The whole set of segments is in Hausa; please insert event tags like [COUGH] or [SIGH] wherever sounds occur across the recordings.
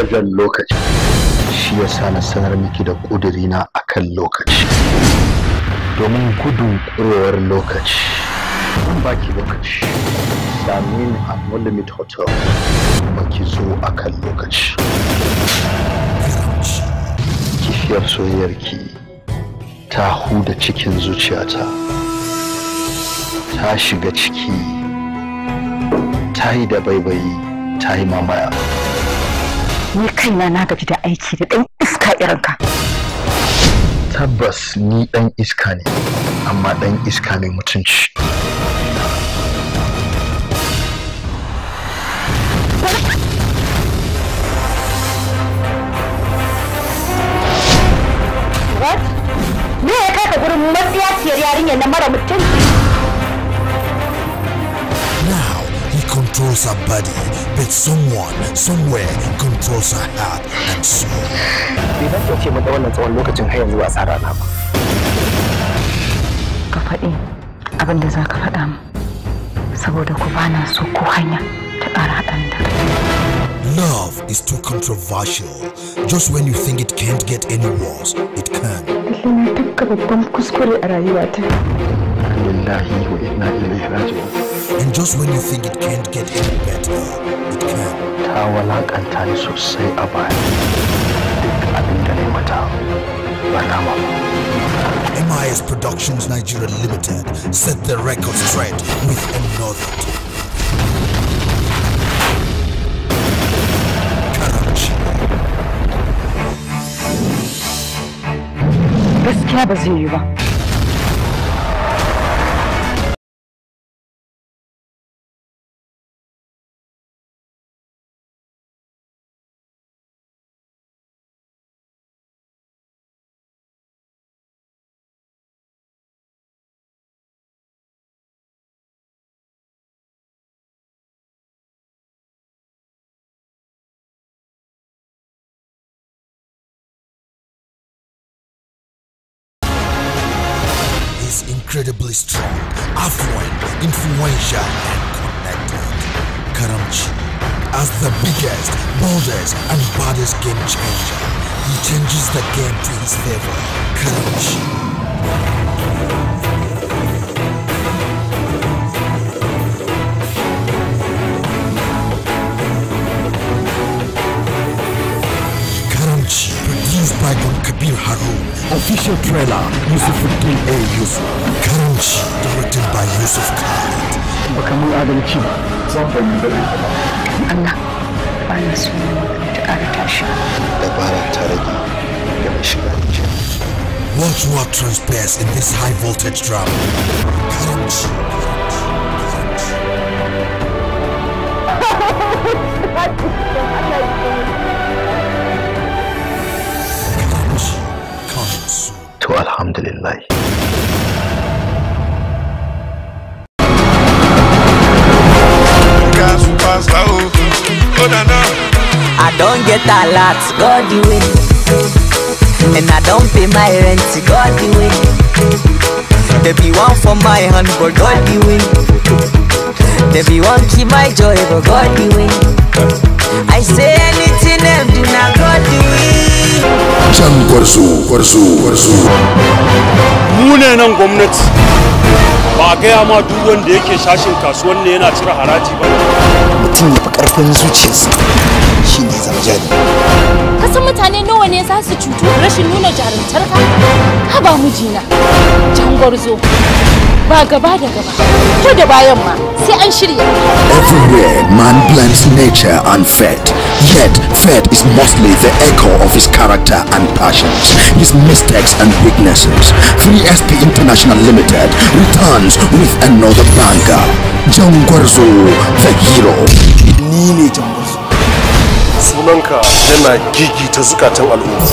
wajen lokaci shi ya sa na sanar miki da ƙudurina a kan lokaci domin gudun ƙurewar lokaci an baki lokaci sami a monument hotel baki zo a kan lokaci Kishiyar soyayyarki ta huda cikin zuciyata ta shiga ciki ta yi da baibayi ta yi mamaya ni kaina na gaji da aiki da ɗan iska irinka tabbas ni ɗan iska ne amma ɗan iska mai mutunci What? Me ya kai ka gurin matsiyaciyar yarinyar na mara mutunci? controls her body, but someone, somewhere controls her heart and soul. ce mata wannan tsawon lokacin har yanzu a ba. abin da za ka faɗa saboda ku so ko hanya ta ƙara Love is too controversial. Just when you think it can't get any worse, it can. Lallai na tafka babban kuskure a rayuwata. Lillahi wa inna ilaihi And just when you think it can't get any better, it can. Ta walakanta ni sosai a baya. Duk MIS Productions Nigeria Limited set the record straight with another This cab is in you, incredibly strong, affluent, influential, and connected. Karamchi, as the biggest, boldest, and baddest game changer, he changes the game to his favor. Karamchi. Dragon Kabir Haru. Official trailer, Yusufuddin A. Yusuf. Kanji, directed by Yusuf Khalid. Baka mun adalci ba, zan fahimci da Allah, ba na so ne magana ta ƙara tashi. Dabara ta rage da shiga Watch what transpires in this high voltage drama. Kanji. Kanji. Kanji. আলহামদুলিল্লাহ I don't get a lot, God the way And I don't pay my rent, God the way There be one for my hand, but God the way There be one keep my joy, but God the way I say anything them do, now God the way can kwarsu kwarsu kwarsu munanan gwamnati ba a gaya ma duk wanda yake shashin kasuwan ne yana cire haraji ba mutum ya fi karfin zuciyarsa shi ne zama jari kasan mutane nawa ne za su cutu rashin nuna jarumtar ka ka ba mijina can gwarzo ba gaba da gaba ko da bayan ma sai an shirya everywhere man blames nature and fate yet fate is mostly the echo of his character and passions his mistakes and weaknesses Free sp international limited returns. once with another banker. John Guerzo, the hero. Ni ne Guerzo. Sunanka yana gigita zukatan al'umma.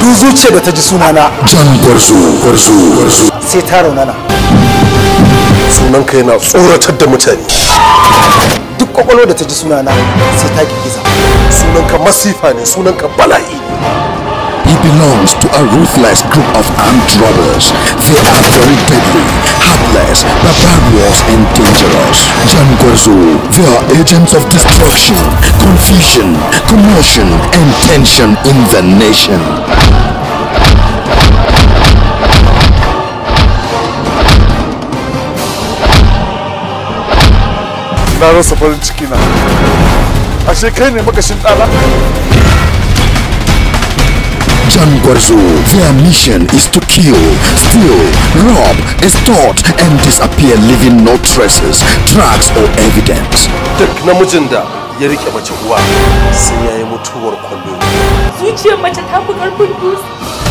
Duk zuciyar da ta ji sunana. Jangwarzo, Guerzo, Guerzo. Sai ta raunana. Sunanka yana tsoratar da mutane. Duk kwakwalwar da ta ji sunana sai ta gigiza. Sunanka masifa ne, sunanka bala'i ne. He belongs to a ruthless group of armed robbers. They are very deadly, heartless, barbarous, and dangerous. Jan Gorzo, they are agents of destruction, confusion, commotion, and tension in the nation. Na rasa farin ciki na. Ashe kai ne makashin John Gwarzo. Their mission is to kill, steal, rob, extort, and disappear leaving no traces, tracks, or evidence. Duk namijin da ya rike mace uwa sai ya yi mutuwar kwallo. Zuciyar mace ta fi ƙarfin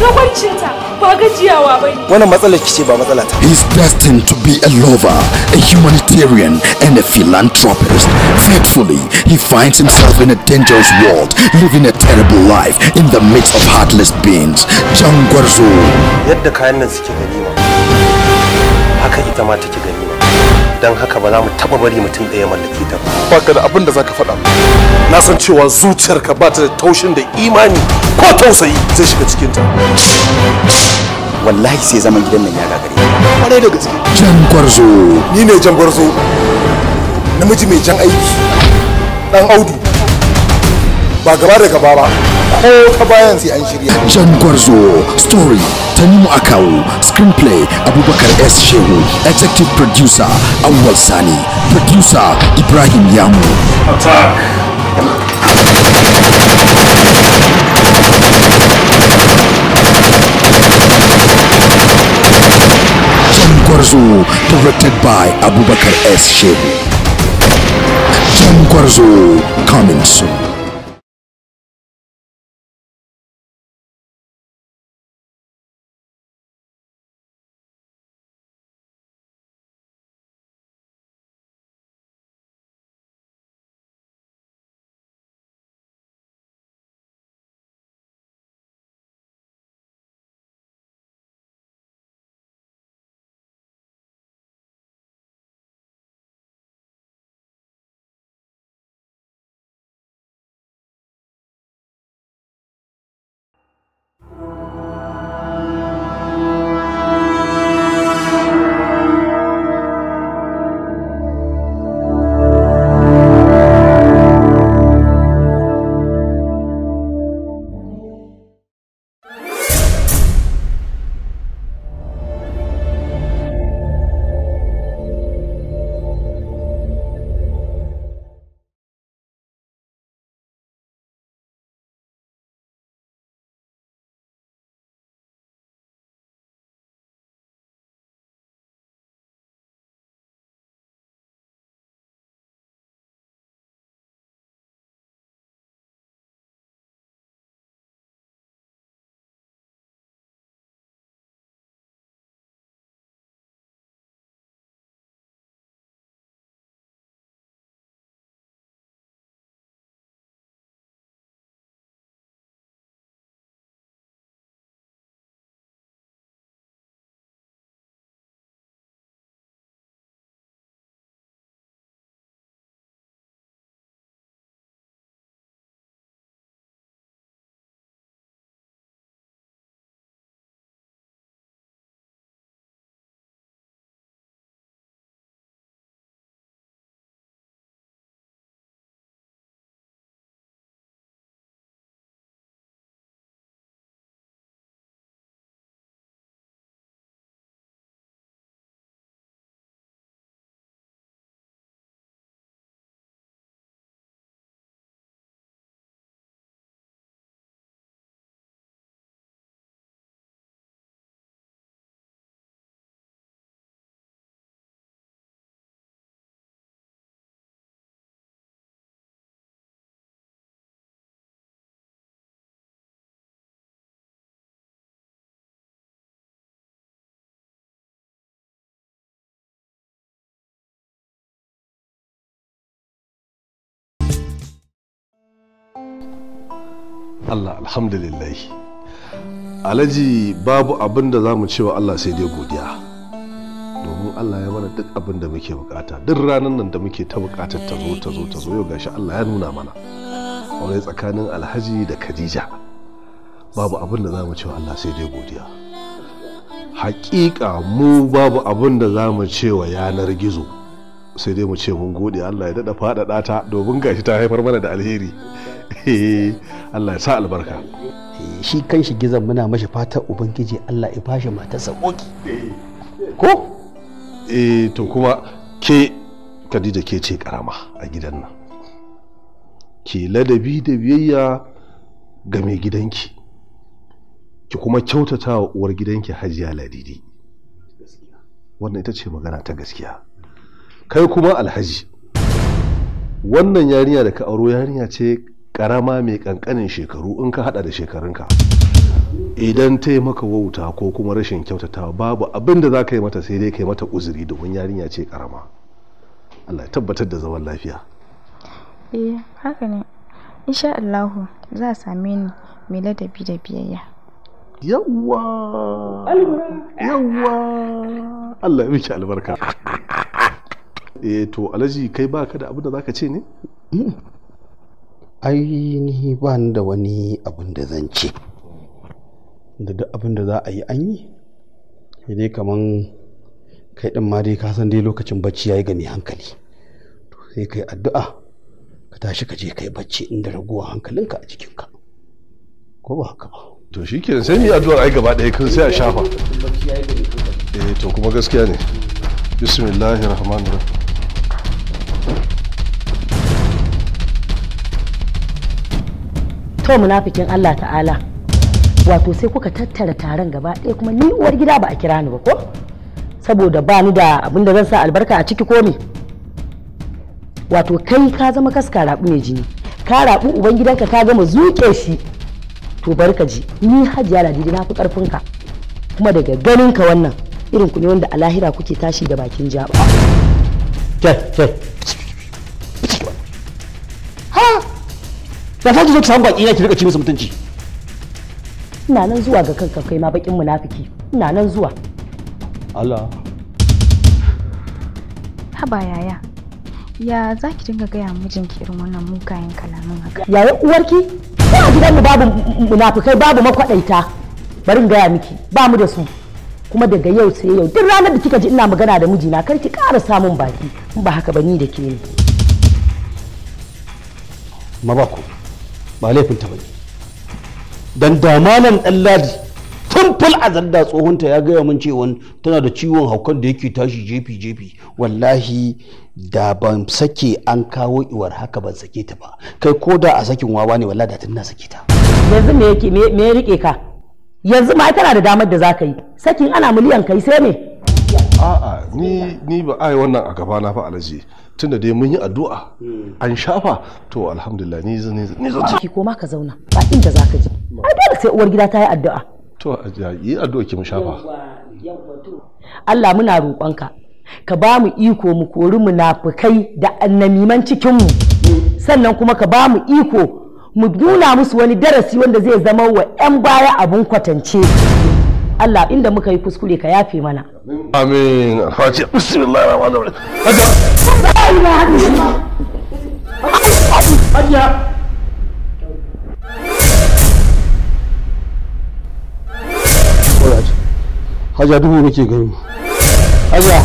Dogoncinta ba ba Wannan matsalar ce ba matsala ta. He is destined to be a lover, a humanitarian and a philanthropist. Faithfully, he finds himself in a dangerous world, living a terrible life in the midst of heartless beings. Jangwarzo. Yadda kayan nan suke ganima, haka ita ma take gani. dan haka ba za mu taba bari mutum ya mallake ta ba ka da abin da zaka faɗa na san cewa zuciyarka ba ta da taushin da imani ko tausayi zai shiga cikin ta wallahi sai zaman gidan nan ya gagare kwarai da gaske jan gwarzo ni ne jan gwarzo namiji mai jan aiki dan audu ba gaba da gaba ba ko ta bayan sai an shirya jan gwarzo story tanimu akawu screenplay abubakar s shehu executive producer Awal sani producer ibrahim yamu attack Gwarzo, directed by Abubakar S. Shehu. jan Gwarzo, coming soon. Allah alhamdulillah alhaji babu abin da za mu cewa Allah sai dai godiya domin Allah ya mana duk abin da muke bukata duk ranar nan da muke ta bukatar ta zo ta zo ta zo yau gashi Allah ya nuna mana aure tsakanin alhaji da Khadija babu abin da za mu cewa Allah sai dai godiya hakika mu babu abin da za mu cewa yanar gizo sai dai mu ce mun gode Allah ya daɗa faɗaɗa ta domin gashi ta haifar mana da alheri eh, Allah ya sa albarka eh, shi kan shi gizon muna mashi fata ubangiji Allah ya bashi mata ko eh to kuma ke Khadija ke ce karama a gidan nan ke ladabi da biyayya ga mai gidanki ki kuma kyautata wa uwar gidanki hajiya ladidi wannan ita ce magana ta gaskiya kai kuma alhaji wannan yarinya da ka auro yarinya ce karama mai kankanin shekaru in ka hada da shekarunka idan ta yi maka wauta ko kuma rashin kyautatawa babu abin da za ka yi mata sai dai ka yi mata uzuri domin yarinya ce karama allah ya tabbatar da zaman lafiya eh haka ne insha allahu za a same ni mai ladabi da biyayya yawwa yawwa allah ya miki albarka e to alaji kai ba ka da abin da zaka ce ne ainihi ba ni da wani abin da zan ce da duk abin da za a yi an yi dai kaman kai din ma dai ka san dai lokacin bacci yayi ga mai hankali to sai kai addu'a ka tashi ka je kai bacci inda raguwa hankalinka a jikinka ko ba haka ba to shi ke sai ni addu'ar ai gaba ɗaya kan sai a shafa eh to kuma gaskiya ne bismillahir rahmanir rahim kawai munafikin Allah ta'ala wato sai kuka tattara taron gaba ɗaya kuma ni uwar gida ba a kira ni ba ko saboda ba ni da abin da zan sa albarka a ciki ko me wato kai ka zama kaska rabu mai jini ka rabu ubangidanka ka gama zuke shi to barka ji ni hajiya ladidi na fi karfinka kuma daga ganin ka wannan irin ku ne wanda a lahira kuke tashi da bakin jaba ha da ta zo ki samu baki na ki rika ci musu mutunci ina nan zuwa ga kanka kai ma bakin munafiki ina nan zuwa Allah haba yaya ya za ki dinga gaya mijinki irin wannan mugayen kalamin haka yaya uwarki ba a mu babu munafikai babu makwadaita bari in gaya miki ba mu da su kuma daga yau sai yau duk ranar da kika ji ina magana da mijina kar ki ƙara samun baki in ba haka ba ni da ke ne mabako ba laifin ta bane dan da malam dan ladi tun ful tsohon tsohonta ya gaya min cewa tana da ciwon haukan da yake tashi jefi jefi wallahi da ban sake an kawo iwar haka ban sake ta ba kai ko da a sakin wawa ne wallahi da tun sake ta yanzu me yake me ya rike ka yanzu ma tana da damar da zaka yi sakin ana miliyan kai sai me a'a ni ni ba ai wannan a gaba na fa alaji tunda dai mun yi addu'a hmm. an shafa to alhamdulillah ni zan ni zan ki ko ma ka zauna ba inda zaka je ai dole sai uwar gida ta yi addu'a to yi addu'a ki mu shafa Allah muna roƙonka ka ba mu iko mu kori munafukai da annamiman cikin mu sannan kuma ka ba mu iko mu nuna musu wani darasi wanda zai zama wa 'yan baya abun kwatance Allah inda muka yi kuskure ka yafe mana amin alfaci bismillahir rahmanir rahim hajiya hajiya duhu nake gani hajiya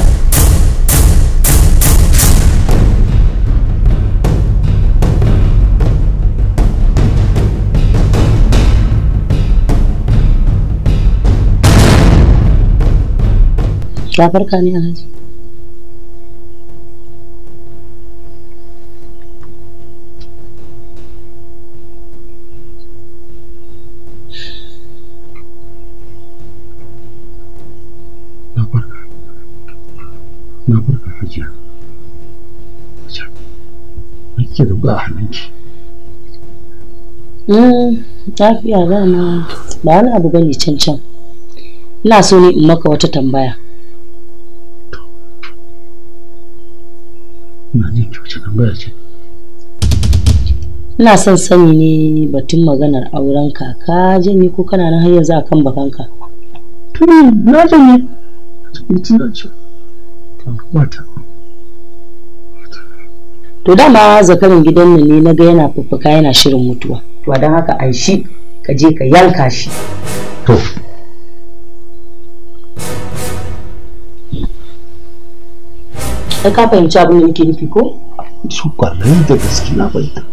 ta farka ne alhaji na farka na farka hajiya hajiya na a da ba hannunki mm, lafiya dama ba wani abu bane can can ina so ne in maka wata tambaya ina son sani ne batun maganar auren ka ka janye ko kana nan har yanzu akan bakanka tuni na janye tuni na ce wata to dama zakarin gidan nan ne na ga yana fuffuka yana shirin mutuwa to don haka aishi ka je ka yanka shi to Ai ka fahimci abin da nake nufi ko? Su kwarai da gaske na fahimta.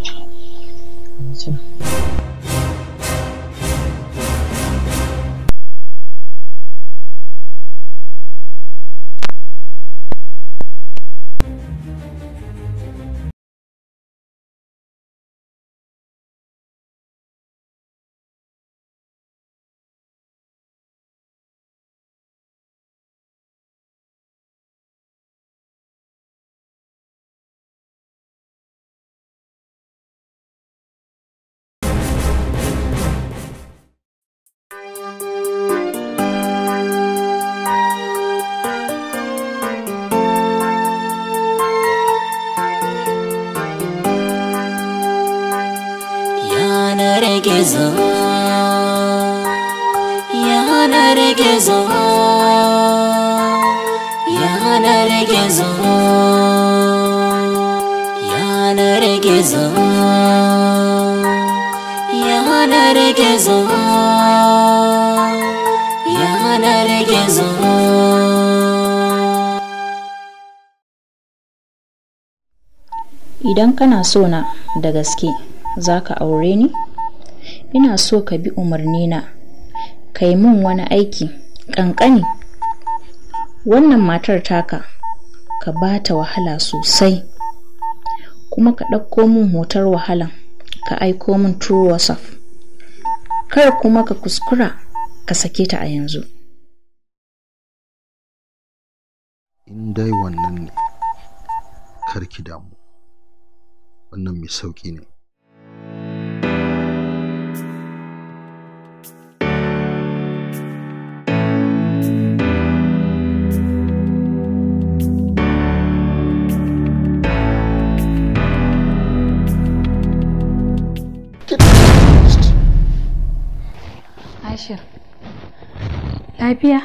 idan kana so na da gaske za ka aure ni ina so ka bi umarnina ka yi min wani aiki ƙanƙani wannan matar taka ka ba ta wahala sosai kuma ka ɗauko min hotar wahalan ka aiko min true whatsapp kar kuma ka kuskura ka sake ta a yanzu in dai wannan ne karki damu wannan mai sauƙi ne Lafiya?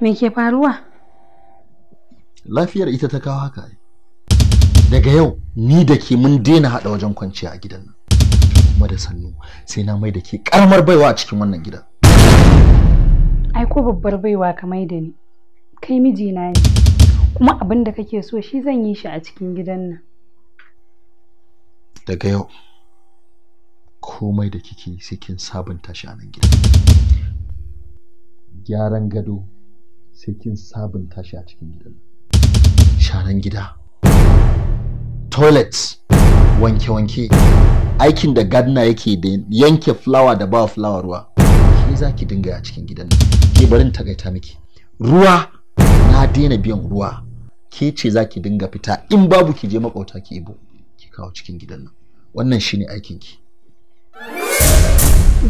Me ke faruwa? Lafiyar ita ta kawo haka. daga yau ni da ke mun daina haɗa wajen kwanciya a gidan nan kuma da sannu sai na mai da ke karamar baiwa a cikin wannan gidan ai ko babbar baiwa ka mai da ni kai mijina ne kuma abin da kake so shi zan yi shi a cikin gidan nan daga yau komai da kike sai kin sabunta shi a nan gidan gyaran gado sai kin sabunta shi a cikin gidan sharan gida toilets wanke-wanke aikin da gardener yake da yanke flower da ba flower ruwa shi za ki dinga a cikin gidan ke barin tagaita miki ruwa na daina biyan ruwa ke ce za ki dinga fita in babu ki je makauta ki ibo ki kawo cikin gidan nan wannan shine aikin ki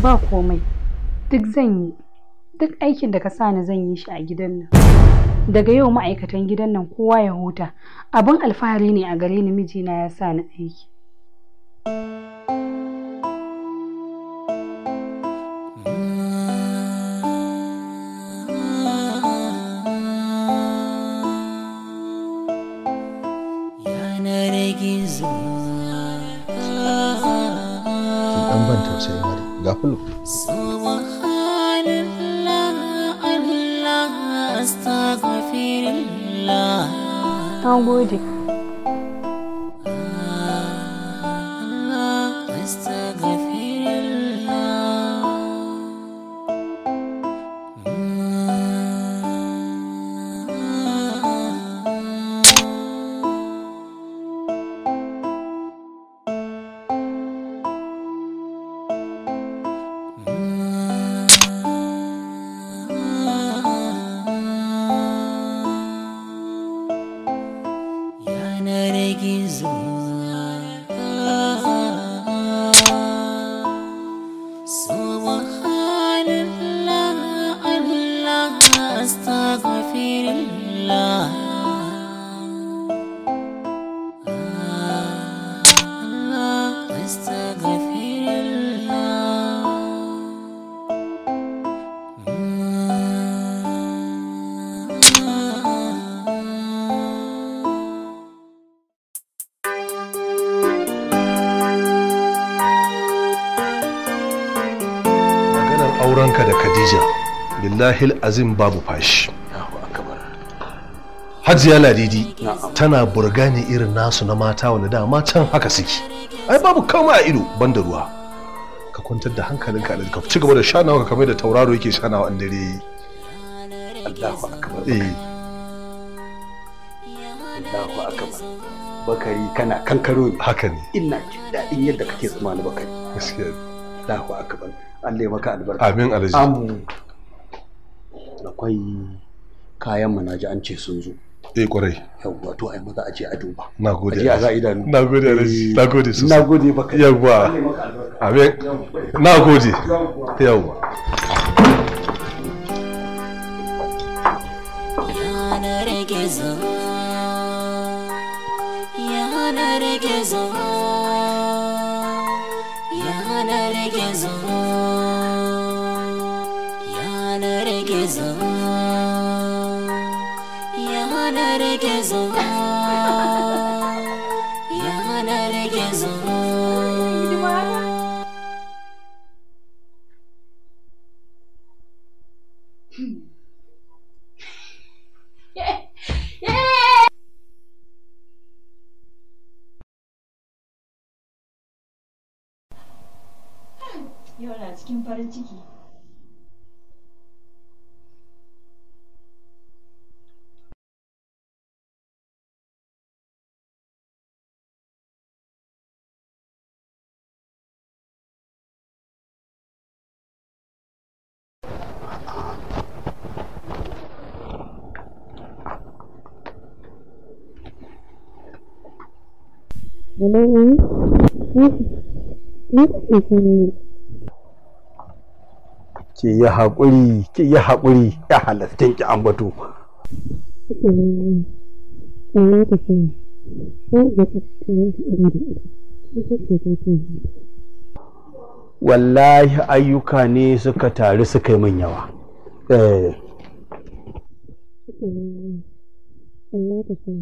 ba komai duk zan yi duk aikin da ka sa ni zan yi shi a gidan nan daga yau ma'aikatan gidan nan kowa ya huta abin alfahari ne a gare ni mijina ya sa ni aiki. jahil azim babu fashi hajiya ladidi tana burgani irin nasu na mata wani dama can haka suke ai babu kama a ido banda ruwa ka kwantar da hankalinka da ka ci gaba da shanawa ka kamar da tauraro yake shanawa an dare Allahu akbar eh Allahu akbar bakari kana kankaro ne haka ne ina jin daɗin yadda kake zama na bakari gaskiya Allahu akbar Allah ya maka albarka amin alaji amin akwai kayan mu naji an ce sun zo eh kwarai yawwa to ai maza a ce a duba na gode a za idan na gode eh, na gode sosai na gode baka yawwa amin na gode yawwa yanar gizo yanar gizo cikin farin ciki Hello. What? What is it? ki yi haƙuri ki yi haƙuri ya halattin ki ambato wallahi ayyuka ne suka taru suka yi min yawa eh Allah ta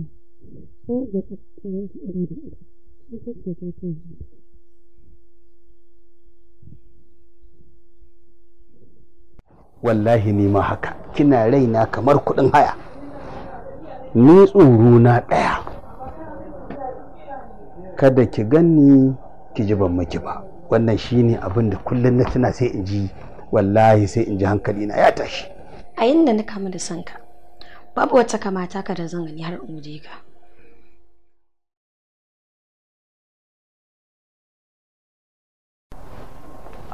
wallahi ni ma haka kina raina kamar kuɗin haya ni tsoro na ɗaya kada ki ganni ki ji ban miki ba wannan shine abin da kullum na tuna sai in ji wallahi sai in ji hankali na ya tashi a inda na kamu da sanka babu wata kamata ka da zan gani har in je ka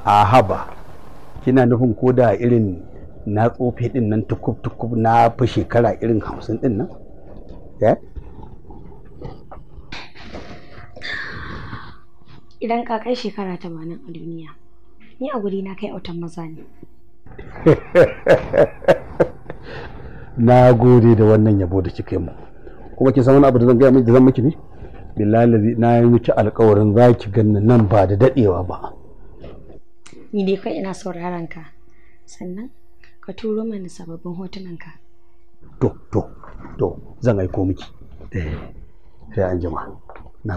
a haba kina nufin ko da irin na tsofe din nan tukub tukub na fi shekara irin hamsin din nan eh? idan ka kai shekara tamanin a duniya ni a guri na kai autan maza ne [LAUGHS] na gode da wannan yabo da kika yi mu kuma ki san wani abu da zan gaya miki da zan miki ne billahi na yi miki alƙawarin za ki ganna nan ba da dadewa ba ni dai kai ina sauraron ka sannan ka turo mana sababbin hotunan ka to to to zan aiko miki eh sai an jima na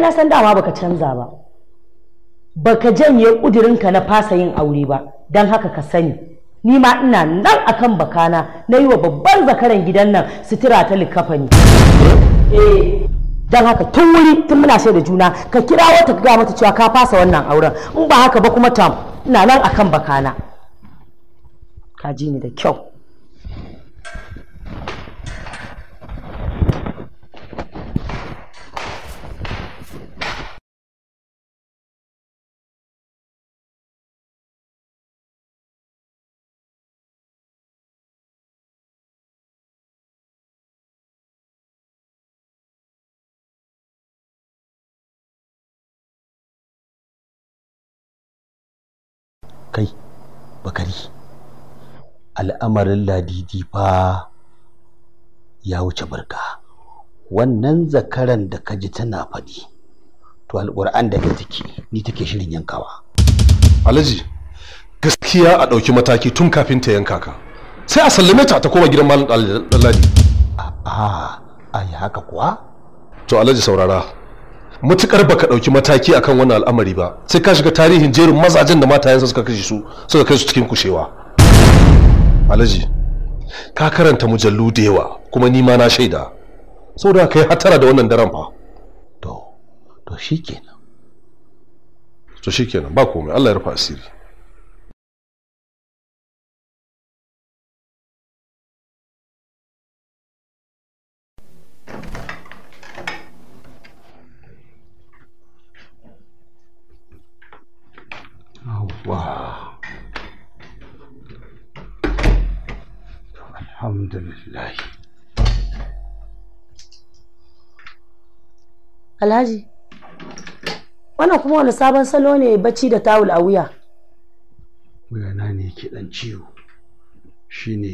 na san dama baka canza ba baka janye ka na fasa yin aure ba don haka ka sani ni ma ina nan akan bakana na yi wa babban zakaran gidan nan sutura ta likafani eh don haka tun wuri tun muna shaida juna ka kira wata ka ga mata cewa ka fasa wannan auren in ba haka ba kuma tam ina nan akan bakana ka ji ni da kyau bakari al'amarin ladidi fa ya wuce barka wannan zakaran da ka ji tana faɗi to alƙur'an da ka take ni take shirin yankawa alhaji gaskiya a ɗauki mataki tun kafin ta yanka ka sai a sallame ta ta koma gidan malam ɗalladi a a haka kuwa to alhaji saurara mutukar baka dauki mataki akan wannan al'amari ba sai ka shiga tarihin jerin mazajen da matayensa suka kashe su suka kai su cikin kushewa alhaji ka karanta mujallu da yawa kuma ni ma na shaida saboda kai hatara da wannan daren fa to to shikenan to shikenan ba komai Allah ya rufa asiri Yawwa. Alhamdulillah. Alhaji, wannan kuma wani sabon salo ne bacci da tawul a wuya. Wuyana ne ke ɗan ciwo, shi ne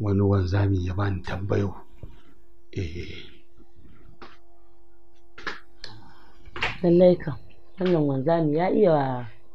wani wanzami ya bani tambayo. Eh. Lallai kan, wannan wanzami ya iya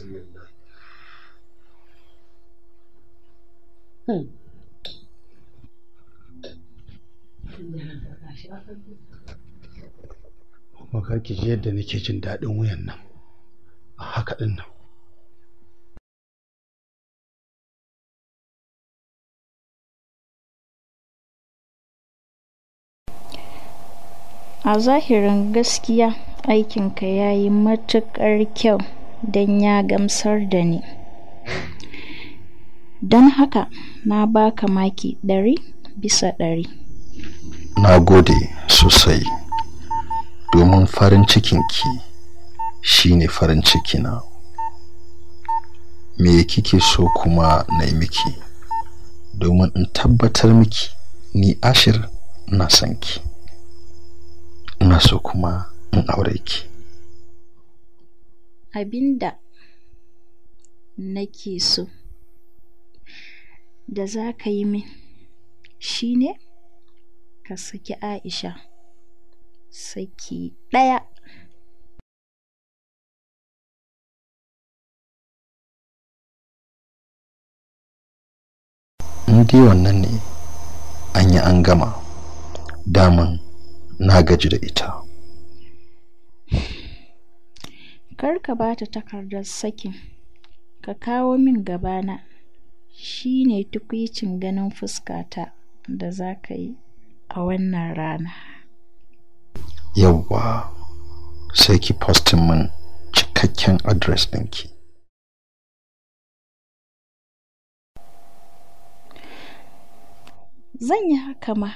Hmm. Maka ki ji yadda nake jin daɗin wuyan nan, a haka ɗin nan. A zahirin gaskiya aikinka ya yi matuƙar kyau. don ya gamsar da ni don haka na baka maki ɗari bisa ɗari na gode sosai domin farin cikinki shine farin cikina me kike so kuma na yi miki domin in tabbatar miki ni ashir na sanki ki ina so kuma in aure ki abinda nake so da za ka yi min shine ka saki Aisha saki ɗaya. In dai wannan ne an yi an gama daman na gaji da ita. Kar ka ba ta takardar sakin, ka kawo min gabana, shi ne tukwicin ganin fuskata da za ka yi a wannan rana. Yawwa, sai ki postin min cikakken adres ɗinki. Zan yi haka ma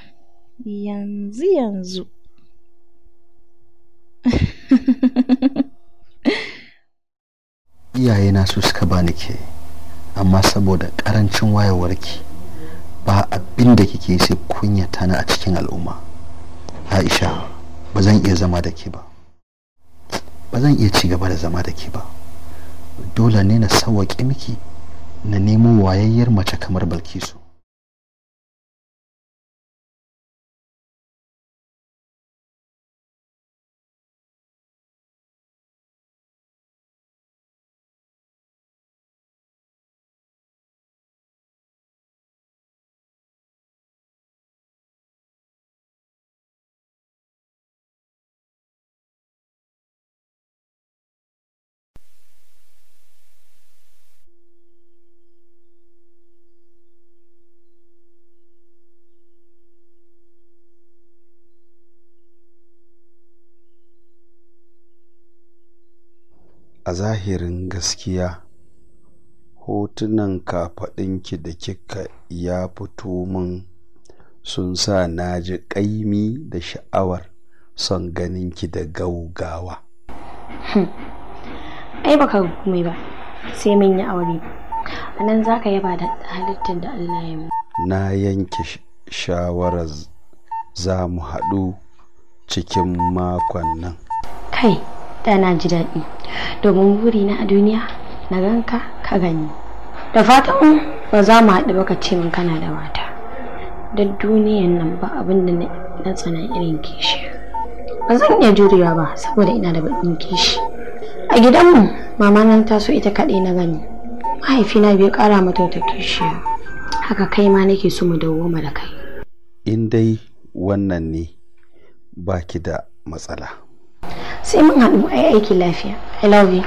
yanzu yanzu. [LAUGHS] iyayena su suka bani ke amma saboda karancin wayewarki ba abin da kike sai kunya tana a cikin al'umma aisha ba zan iya zama da ke ba ba zan iya ci gaba da zama da ke ba dole ne na sawaƙe miki na nemo wayayyar mace kamar balkisu A zahirin gaskiya, hotunan kafaɗunki da kika ya fito min sun sa na ji ƙaimi da sha'awar son ganinki da gaugawa. Hmm. Ai baka komai ba, sai mun yi aure. A nan za ka yaba da halittar da Allah ya Na yanke shawarar za mu haɗu cikin makon nan. Kai. Dana ji daɗi domin na a duniya na ganka ka gani da fatan ba za mu haɗu baka ce min kana da wata. don duniyan nan ba abin da na tsana irin kishi ba zan iya jurewa ba saboda ina da baƙin kishi a gidanmu mama nan so ita kaɗai na gani mahaifina bai ƙara mata ta kishi haka kai ma nake so mu ma da kai in dai wannan ne baki da matsala sai mun haɗu ai aiki lafiya i love you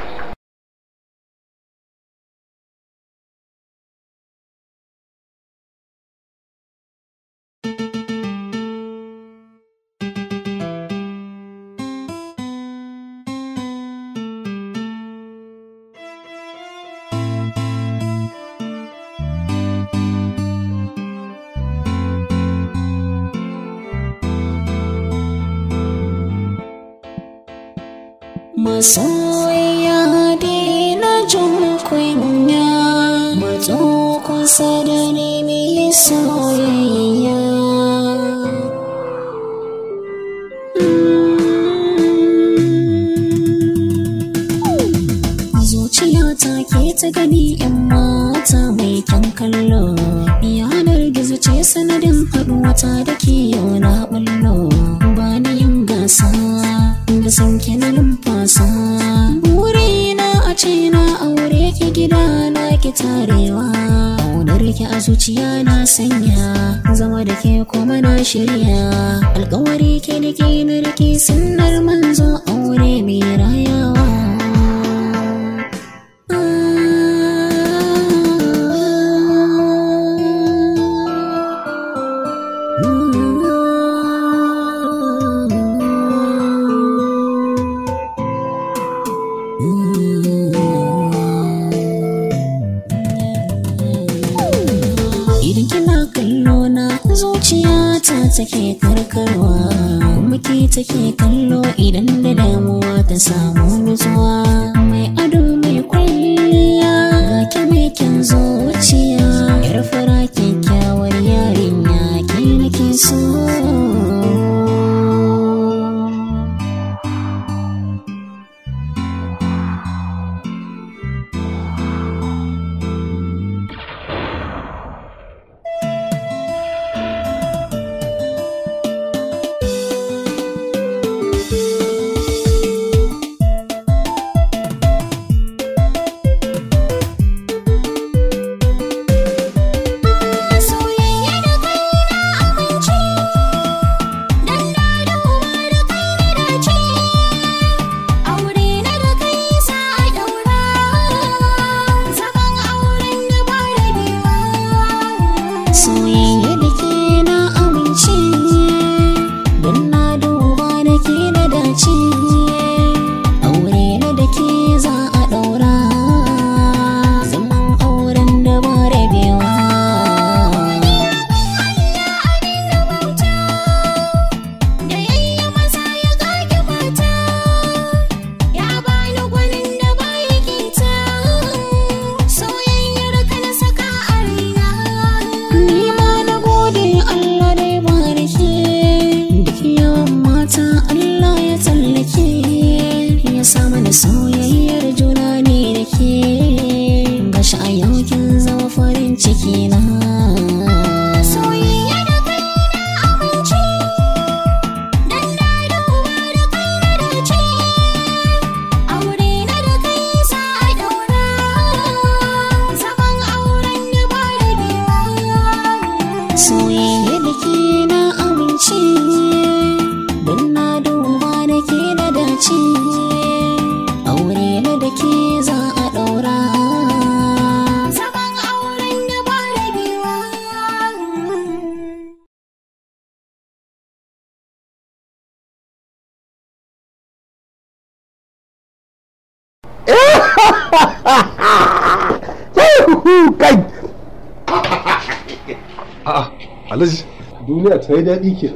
sai daɗi ke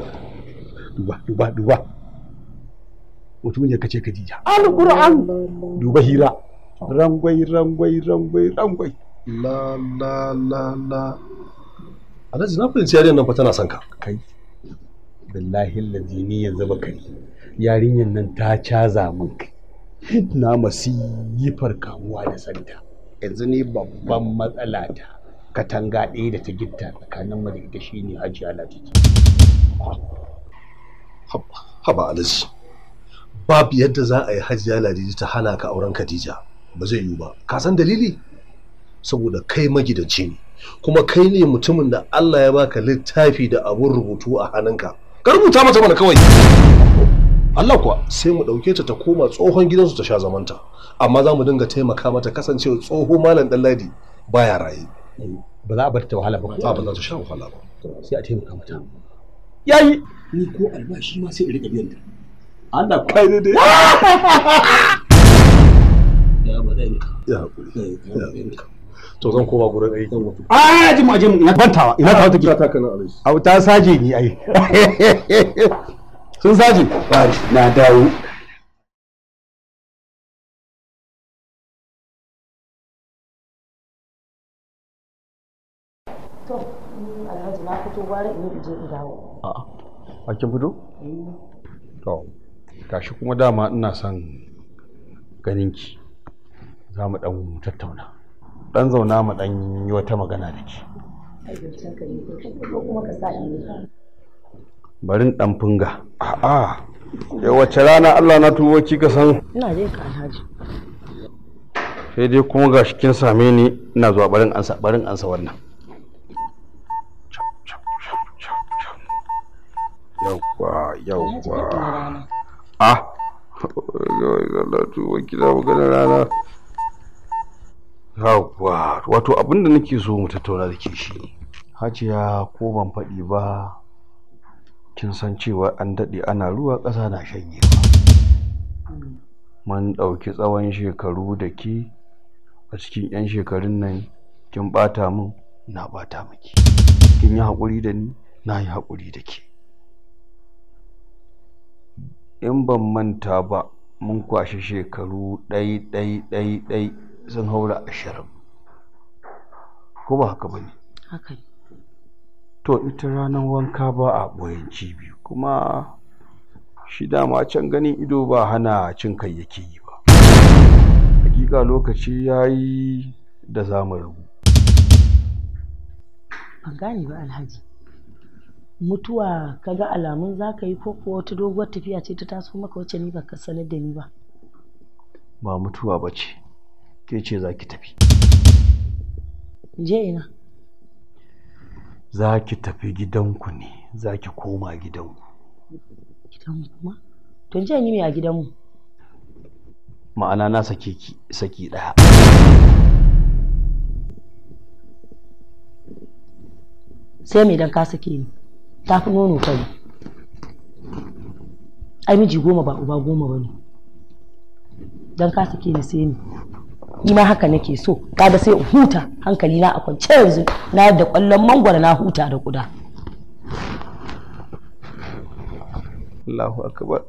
duba duba duba mutumin ya kace kadija alƙur'an duba hira rangwai rangwai rangwai rangwai la la la la alhaji na fahimci yarinyar nan fa tana son ka kai billahi lazi ni yanzu ba kai yarinyar nan ta caza min kai na yi farkawa da santa yanzu ne babban matsala ta katanga ɗaya da ta tsakanin tsakanin da ita shine hajiya Titi. haba alaji babu yadda za a yi hajiya Titi ta hana ka auren Kadija, ba zai yiwu ba ka san dalili saboda kai magidanci ne kuma kai ne mutumin da allah ya baka littafi da abun rubutu a hannunka ka rubuta mata mana kawai Allah kuwa sai mu ɗauke ta ta koma tsohon gidansu ta sha zamanta amma za mu dinga taimaka mata kasancewa tsohon malam ba baya raye ba za a bar ta wahala ba ba ba za ta sha wahala ba sai a taimaka mata yayi ni ko albashi ma sai in rika biyan ta Allah kai ne dai ya ba zan ka ya to zan koma gurin aiki a ji mu ji mu ina bantawa ina ta take ta kana alai au ta saje ni ai [LAUGHS] sun saje na dawo a kin fito? to gashi kuma dama ina son ganinki za mu ɗan tattauna ɗan zauna mu ɗan yi wata magana da ke barin ɗan funga a'a ya wace rana Allah na tuwo ki ka san ina je ka alhaji sai dai kuma gashi kin same ni ina zuwa barin ansa barin ansa wannan yawwa yawwa ah [LAUGHS] gida magana rana yawwa wato abinda nake so mu tattauna da ke shi hajiya ko ban faɗi ba kin san cewa an daɗe ana ruwa ƙasa na shanye mun ɗauki tsawon shekaru da ke a cikin 'yan shekarun nan kin ɓata min na ɓata miki kin yi haƙuri da ni na yi haƙuri da ke in ban manta ba mun kwashe shekaru ɗai ɗai ɗai ɗai sun haura ashirin ko ba haka ba ne to ita ranar wanka ba a ɓoyen cibi kuma shi dama can ganin ido ba hana cin kai yake yi ba hakika lokaci ya yi da za mu rabu ban gane ba alhaji mutuwa ka ga alamun za ka yi ko kuwa wata doguwar tafiya ce ta taso maka wacce ni baka sanar da ni ba ba mutuwa ba ce ke ce za ki tafi je ina za ki tafi gidanku ne za ki koma gidanku gidanmu kuma to je ni me a gidanmu ma'ana na sake ki saki ɗaya sai me dan ka sake ni ta fi nono fari ai miji goma ba uba goma ba ne don ka sake ni sai ni ni ma haka nake so kada sai in huta hankali na a kwance yanzu na yadda kwallon mangwara na huta da kuda Allahu akbar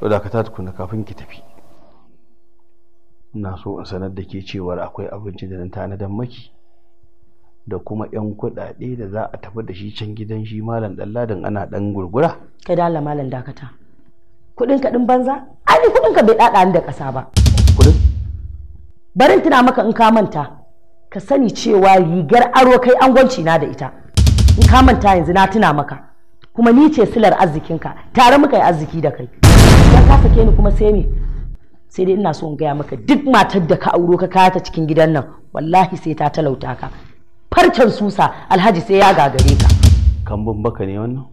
to da ka ta tukuna kafin ki tafi ina so in sanar da ke cewar akwai abinci da na tanadan maki da kuma yan kuɗaɗe da za a tafi da shi can gidan shi malam ɗanladin ana ɗan gurgura kai da malam dakata kuɗin ka ɗin banza Ai kuɗin ka bai ɗaɗa da ƙasa ba kuɗin barin tuna maka in ka manta ka sani cewa rigar aro kai angwanci na da ita in ka manta yanzu na tuna maka kuma ni ce silar arzikin ka tare muka yi arziki da kai idan ka sake ni kuma sai me sai dai ina so in gaya maka duk matar da ka auro ka kaya ta cikin gidan nan wallahi sai ta talauta ka farcen susa alhaji sai ya gagare ka kambun baka ne wannan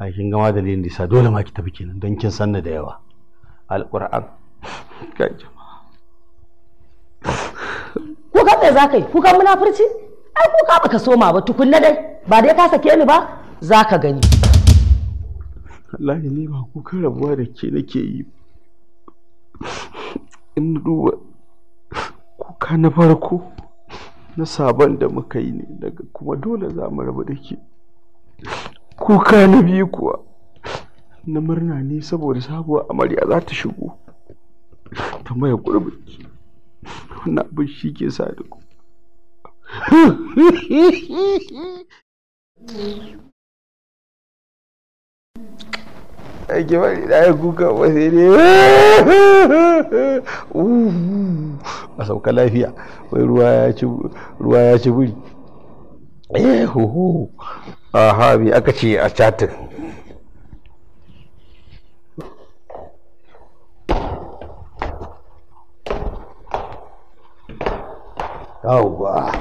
a kin gama dalilin da sa dole ma ki tafi kenan don kin sanna da yawa alquran kai kuka me za ka yi kuka munafurci ai kuka baka soma ba tukunna dai ba dai ka sake ni ba za ka gani wallahi ni ba kuka rabuwa da ke nake yi in duba na farko na sabon da muka yi ne daga kuma dole za mu rabu da ke kuka na biyu kuwa na murna ne saboda sabuwar amarya za ta shigo ta maye gurbin wannan abin shi ke sa da [LAUGHS] ake bari da ya kuka ba sai dai [LAUGHS] a sauka lafiya wai ruwa ya ci buri eh ho aha me aka ce a chatin yawwa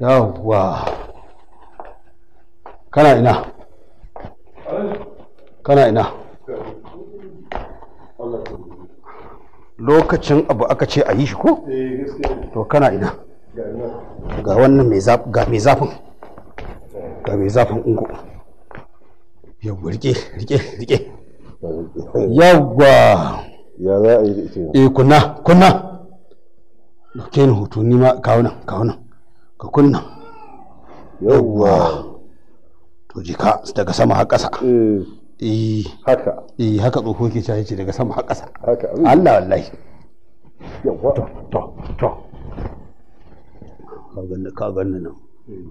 yawwa kana ina kana ina lokacin abu aka ce a yi shi ko to kana ina ga wannan mai zafin ga mai zafin ungo yawwa rike rike rike yawwa ya za a yi da ita eh kunna kunna ɗauke ni hoto nima kawunan kawunan ka kunna yawwa to jika daga sama har ƙasa eh. haka eh haka tsoho ke cewa yace daga sama har ƙasa Allah wallahi to to to ka ganni ka ganni nan eh.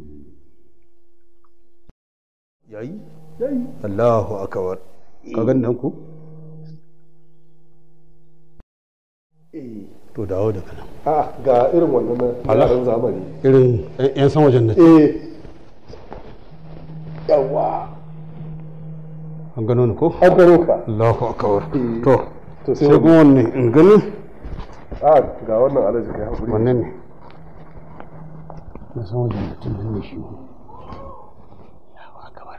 yayi yayi Allahu akbar ka ganni nan ko eh. to dawo daga nan a ah, ga irin wannan na zamani irin yan san wajen da eh yawa an gano ni ko an gano ka Allahu akbar eh. to to sai kuma wanne in gani a ah, ga wannan alaji kai hakuri Wanne ne na san wajen mutum nan ne shi ne. Allahu akbar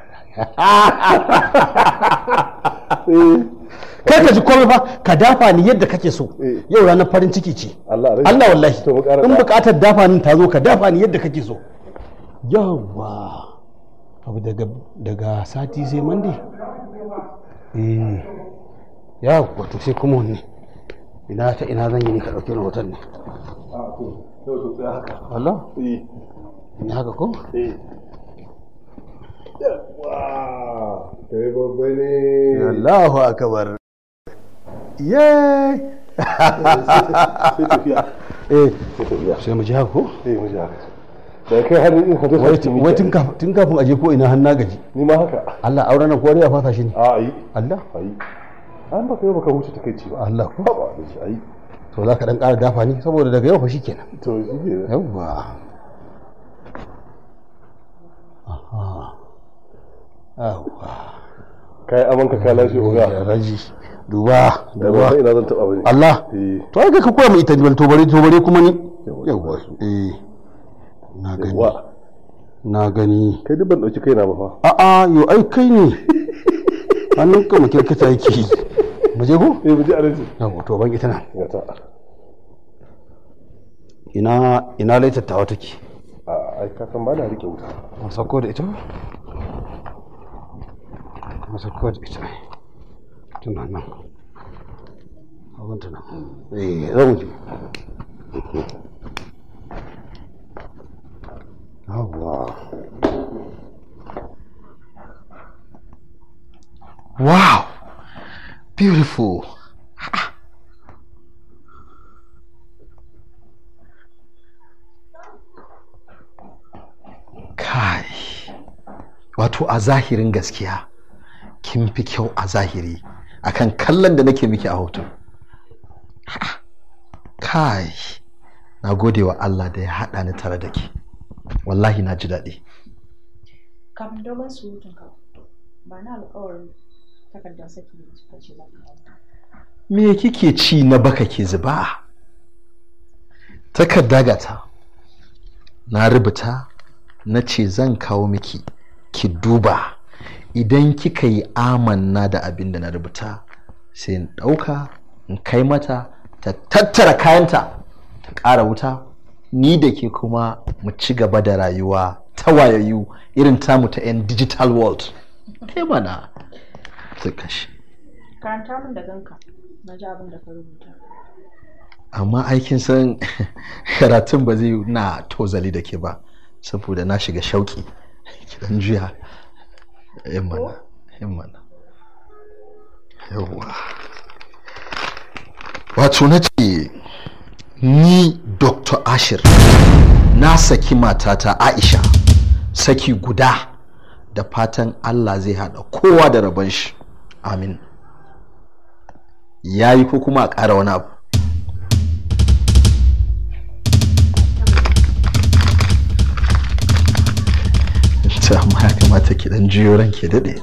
[LAUGHS] eh. kai ka ji komai fa ka dafa ni yadda kake so eh. yau ranar farin ciki ce Allah wallahi in bukatar dafa ni ta zo ka dafa ni yadda kake so yawa abu daga sati sai mande eh, ya wato sai kuma wanne ina ta ina zan yi ne ka ɗauke na hoton ne Ina haka ko? babba ne. Allahu akabar. Yay! [LAUGHS] Sai tafiya. Eh, Sai mu ji haka ko? Eh, mu ji haka. da tun kafin aje ko ina gaji Allah auren nan ko ne a fasa shi ne Allah an yau ba Allah dan ƙara dafa ni saboda daga yau fa shikenan to shikenan yawa aha amanka ka lashe duba duba Allah eh. to ai ga ka koya mu ita to bare to kuma ni eh na gani na gani kai duk ban dauki kaina ba fa a yo ai kai ne hannun ka muke kata yake mu je go eh mu je aranci yawa to ban ita nan ina ina ta wata take a ai ka san ba da rike wuta a sako da ita a sako da ita tana nan abin tana eh zan wuce yawwa wow beautiful kai wato a zahirin gaskiya kin fi kyau a zahiri akan kallon da nake miki a hoto kai na gode wa Allah da ya haɗa ni tare da ke wallahi na ji daɗi dogon surutun ka ba na takardar saki da kika ce ba me kike ci na baka ke zuba takarda gata na rubuta na ce zan kawo miki ki duba idan kika yi amanna da abin da na rubuta sai in ɗauka in kai mata ta tattara kayanta ta ƙara wuta ni da ke kuma mu ci gaba da rayuwa ta wayayu irin tamu ta 'yan digital world kai mana ta kashi karanta min da ganka na ji abin da ka rubuta amma aikin san [LAUGHS] karatun ba zai na tozali da ke ba saboda na shiga shauki kidan juya himmana mana yawwa wato na ce ni dr ashir na saki matata aisha saki guda da fatan allah zai hada kowa da rabon shi amin ya yi ko kuma a ƙara wani abu ta ma ya kamata ki jiyo ranke daɗe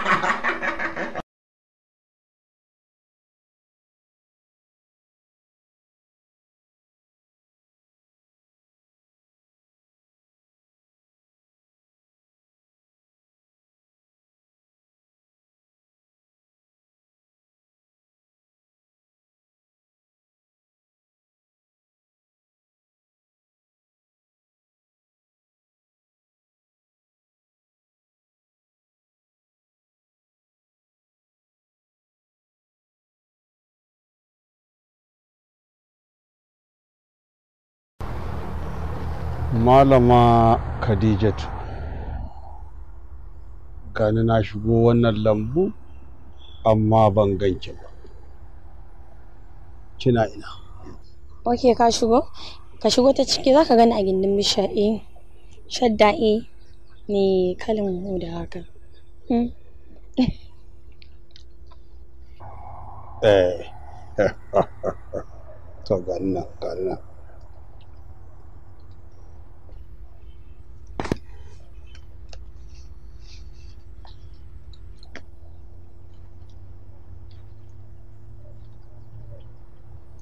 malama khadijatu gani na shigo wannan lambu amma ban ganki ba kina ina ok ka shigo ka shigo ta ciki zaka gani a gindin bisha'i eh, shadda'i ne kalin mu da haka hmm? [LAUGHS] eh [LAUGHS] to ganna ganna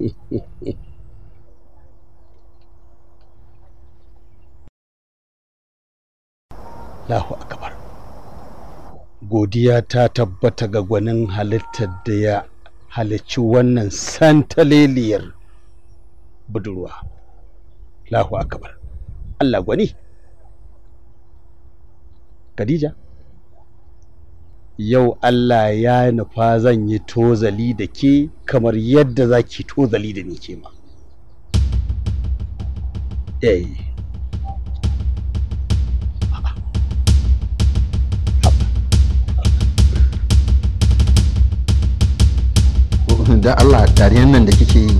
[LAUGHS] Allahu akbar godiya ta tabbata ga gwanin halittar da ya halicci wannan santaleliyar budurwa Allahu akbar Allah gwani Khadija yau Allah ya nufa zan yi tozali da ke kamar yadda za ki tozali da ni ke ma. Eh. Da Allah dariyar nan da kike yi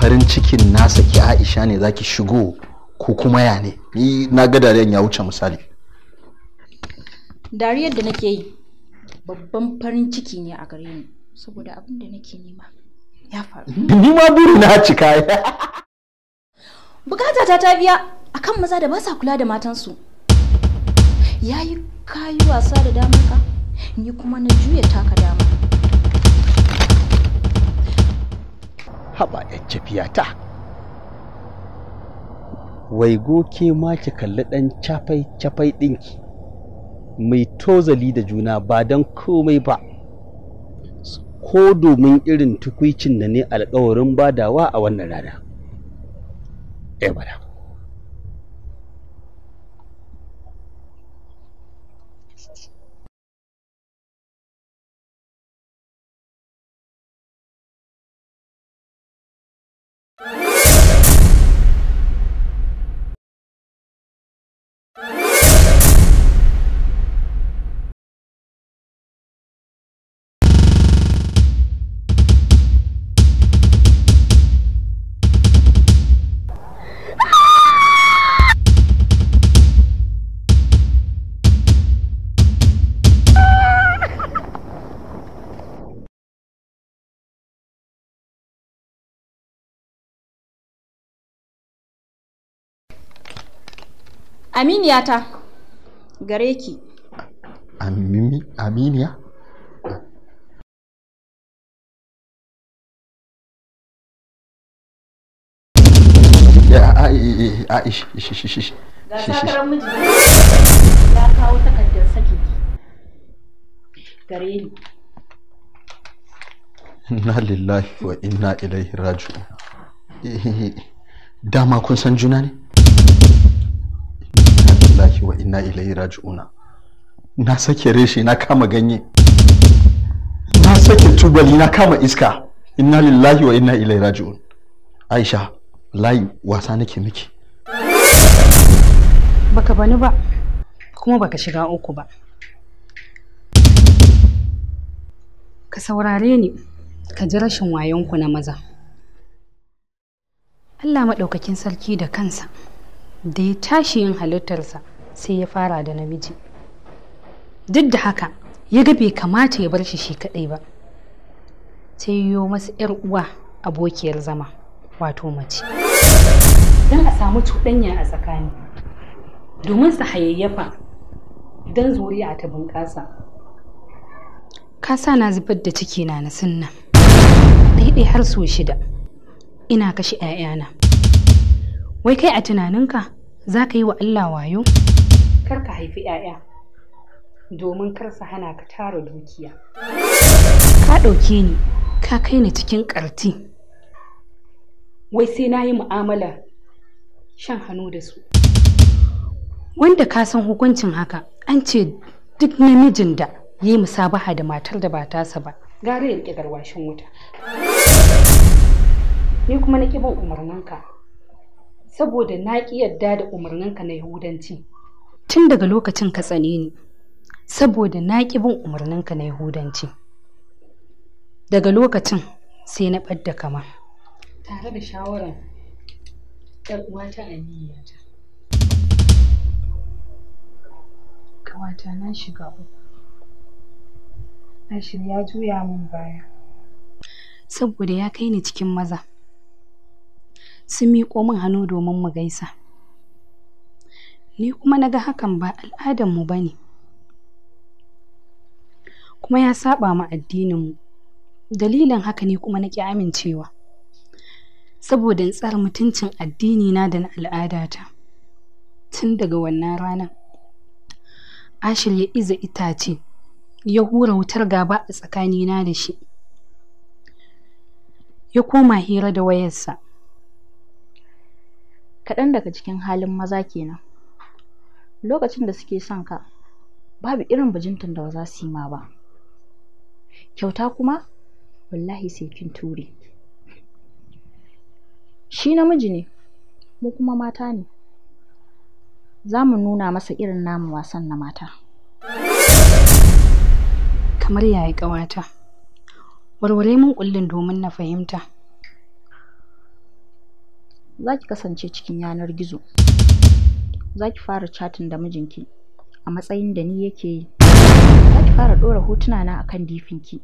farin cikin nasa ki Aisha ne za ki shigo ko kuma ya ne ni na ga dariyar ya wuce misali dariyar da nake yi babban farin ciki ne a gare ni saboda abin da nake nema ya faru ni ma buri na cika ya? bukata ta ta biya akan maza da ba sa kula da matansu yayi kayi wasa da damar ka ni kuma na juya taka dama haba yan ta wai goke ma ki kalli dan cafai cafai dinki mai tozali da juna ba don komai ba ko domin irin tukwicin da ne alkawarin badawa a wannan rana. Ebada. Eh, aminiyata gare ki aminiya ya kawo takardar saki gare ni inna lillahi wa inna ilaihi eh, eh, eh. dama kun san juna ne lillahi wa inna ilaihi raji'una na sake reshe na kama ganye na sake tubali na kama iska inna lillahi wa inna ilaihi raji'un aisha layi wasa nake miki baka bani ba kuma baka shiga uku ba ka saurare ni ka ji rashin wayonku na maza Allah maɗaukakin sarki da kansa da ya tashi yin halittarsa sai ya fara da namiji duk da haka ya ga bai kamata ya bar shi shi kaɗai ba sai yiwo masu 'yar uwa abokiyar zama wato mace don a samu cuɗanya a tsakani domin su hayayyafa don zuriya ta bunƙasa kasa na zubar da ciki na na sunna daidai har so shida ina kashe 'ya'yana wai kai a tunaninka za ka yi wa allah wayo kar ka haifi 'ya'ya domin kar sa hana ka tara dukiya ka ɗauke ni ka kai ni cikin ƙarti wai sai na yi mu'amala shan hannu da su wanda ka san hukuncin haka an ce duk namijin da ya yi musabaha da matar da ba tasa ba gara ya garwashin wuta ni kuma na ƙi bin umarninka saboda na ƙi yarda da umarninka na yahudanci tun daga lokacin ka tsane ni saboda na ƙi bin umarninka na yahudanci daga lokacin sai na da kama tare da shawarar ‘yar uwata niyyata. kawata na shiga uku na shirya juya min baya saboda ya kai ni cikin maza sun miƙo min hannu domin mu gaisa ni kuma na ga hakan ba al'adanmu ba ne kuma ya saba ma mu. dalilin haka ne kuma na ƙi amincewa saboda tsar tsara mutuncin na da na al'adata tun daga wannan rana. ashil ya iza itace ya hura wutar gaba a tsakanina da shi ya koma hira da wayarsa kaɗan daga cikin halin maza kenan lokacin da suke son ka babu irin bajintan da ba za su yi ma ba kyauta kuma wallahi sai kin ture shi namiji ne mu kuma mata ne za mu nuna masa irin namu wasan na mata kamar yayi ƙawata warware mun ƙullin domin na fahimta za ki kasance cikin yanar gizo za ki fara chatting da mijinki a matsayin da ni yake yi za ki fara ɗora hotuna na akan difinki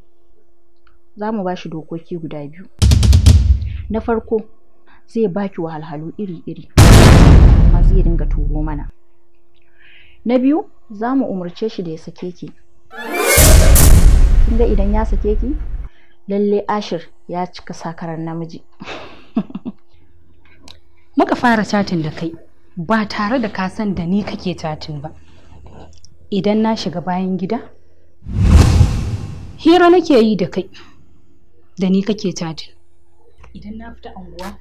za mu ba shi dokoki guda biyu na farko zai baki wahalhalu iri-iri kuma zai dinga turo mana na biyu za mu umarce shi da ya sake ki ga idan ya sake ki lalle ashir ya cika sakarar namiji [LAUGHS] muka fara chatin da kai ba tare da ka san da ni kake tatin ba idan na shiga bayan gida hira nake yi da kai da ni kake tatin, idan na fita anguwa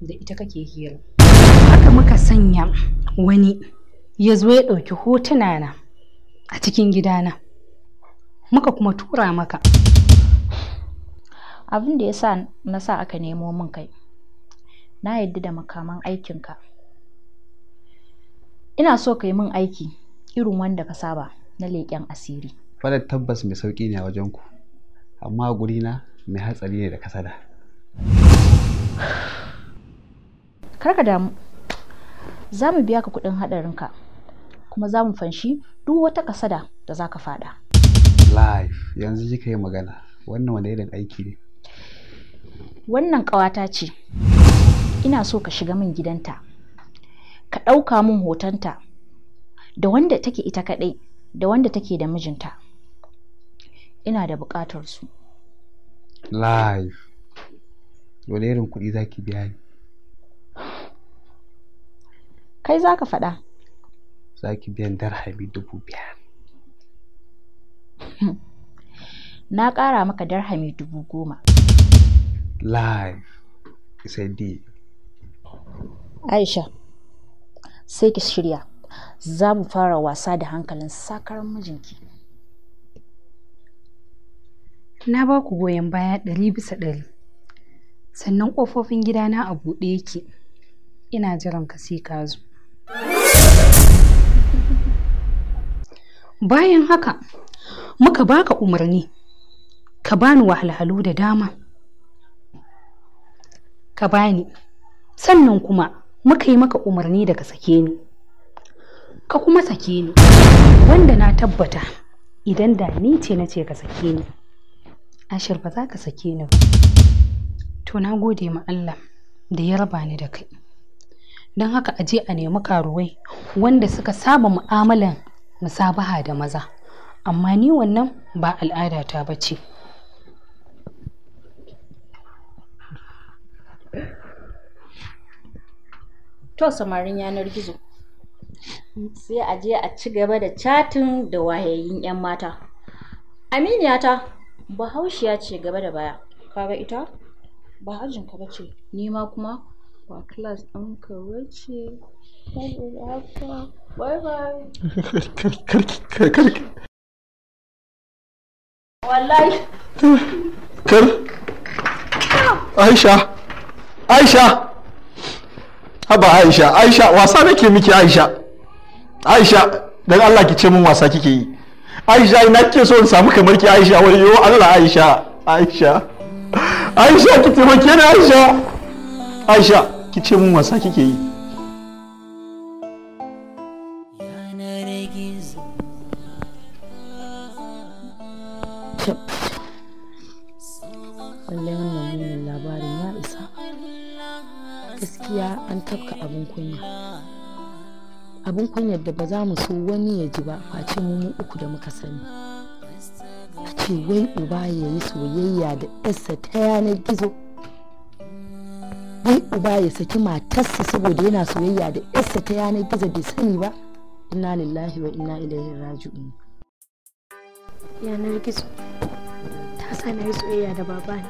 da ita kake hira haka muka sanya wani ya zo ya ɗauki hotuna a cikin gidana muka kuma tura maka abin da ya sa na sa aka nemo min kai na yadda da makaman aikinka ina so ka yi min aiki irin wanda ka saba na leƙen asiri fadar tabbas mai sauƙi ne a wajen ku amma gurina mai hatsari ne da kasada karka damu za mu biya ka kuɗin haɗarinka kuma za mu fanshi duk wata kasada da za ka faɗa live yanzu ji ka yi magana wannan wani irin aiki ne wannan ƙawata ce ina so ka shiga min gidanta ka ɗauka mun hotonta da wanda take ita kaɗai da wanda take da mijinta ina da buƙatar su live wani irin kuɗi za ki biya ni kai za ka faɗa za ki biyan darhami dubu biyar [LAUGHS] na ƙara maka darhami dubu goma live sai di aisha sai ki shirya za mu fara wasa da hankalin sakar mijinki na ba ku goyon baya ɗari bisa ɗari sannan ƙofofin gidana a buɗe yake ina jiran ka sai ka zo bayan haka muka baka umarni ka bani wahalhalu da dama ka bani sannan kuma muka yi maka umarni da ka sake ni ka kuma sake ni wanda na tabbata idan da ni ce na ce ka sake ni ashir ba za ka sake ni ba to na gode ma Allah da ya raba ni da kai don haka a je a nemi karuwai wanda suka saba mu'amalan musabaha da maza amma ni wannan ba al'adata ba ce To samarin yanar gizo. Sai a je a ci gaba da chatin da wayayin 'yan mata. Aminiyata bahaushiya ce gaba da baya. Kaga ita? Ba ka ba ce, ni ma kuma ba class ɗinka ka ce. bye bye. Wallahi. Kar. Aisha. Aisha. Aba aisha aisha wasa nake miki aisha aisha dan Allah ki ce min wasa kike yi aisha ina kike so in samu kamar ki aisha wai yo Allah aisha aisha aisha ki taimake ni aisha aisha ki ce min wasa kike yi tafka abin kunya abin kunyar da ba za mu so wani ya ji ba face mu uku da muka sani a ce wai uba ya yi soyayya da yarsa ta yanar gizo wai uba ya saki matarsa saboda yana soyayya da yarsa ta yanar gizo bai sani ba inna lillahi wa inna ilaihi raji'un yanar gizo ta sanar soyayya da babana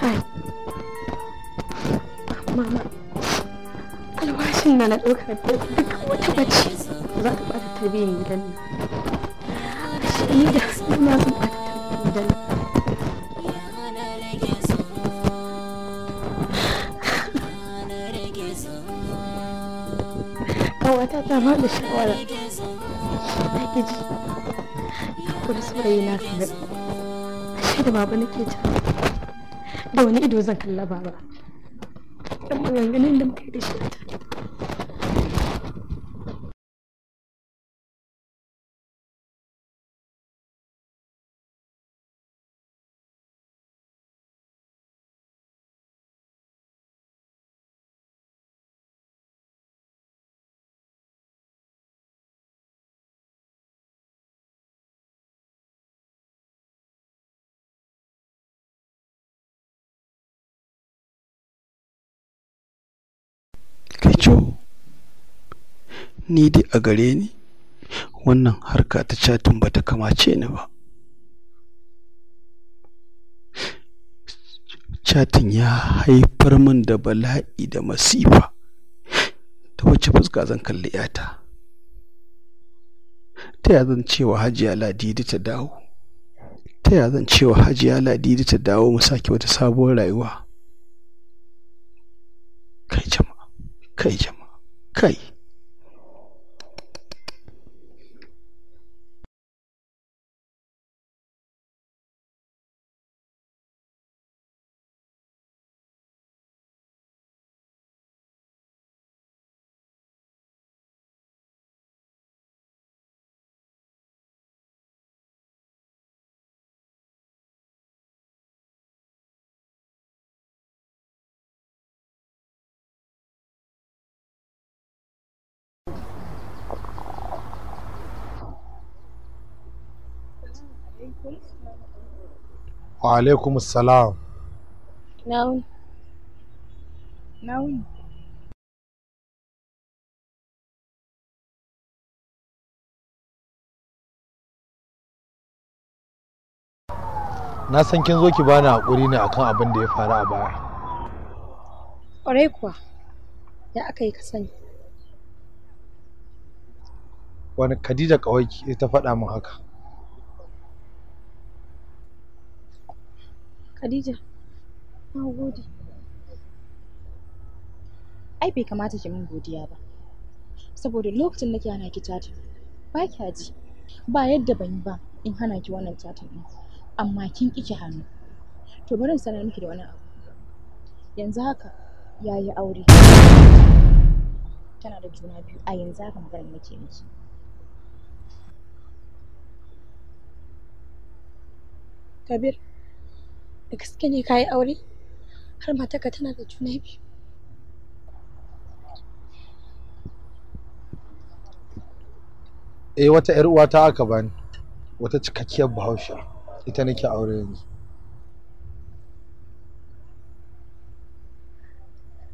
kai mama albashin na na ɗauka duk wata mace za ta bata tarbiyyar gidan ne. ashe ni da su ma zan bata tarbiyyar gidan nan kawata ta ma da shawara ta gaji? ji akwai saurayi na kamar ashe da baba nake ta da wani ido zan kalla baba Kamu yang ini dendam kayak di situ. ni dai a gare ni wannan harka ta catin bata kamace ni ba catin ya haifar min da bala'i da masifa ta wacce fuska zan kalli yata ta ya zan cewa hajiya ladidi ta dawo ta ya zan cewa hajiya ladidi ta dawo mu sake wata sabuwar rayuwa kai jama'a kai jama'a kai wa alaikum salam na san kin zo ki bani hakuri ne akan abin da ya faru a baya ƙwarai kuwa ya aka yi ka sani wani khadija kawai ta faɗa min haka Khadija, na gode. Ai bai kamata ki min godiya ba. Saboda lokacin da ke hana ki tata, ba kya ji. Ba yadda ban yi ba in hana ki wannan cajin ɗin. Amma kin ƙi ki hannu. To bari in sanar miki da wani abu. Yanzu haka ya yi aure. Tana da juna biyu a yanzu haka maganar nake miki. Kabir, da gaske ne kayi aure har matarka tana da juna biyu eh wata yar uwa ta aka bani wata cikakkiyar bahausha ita nake aure yanzu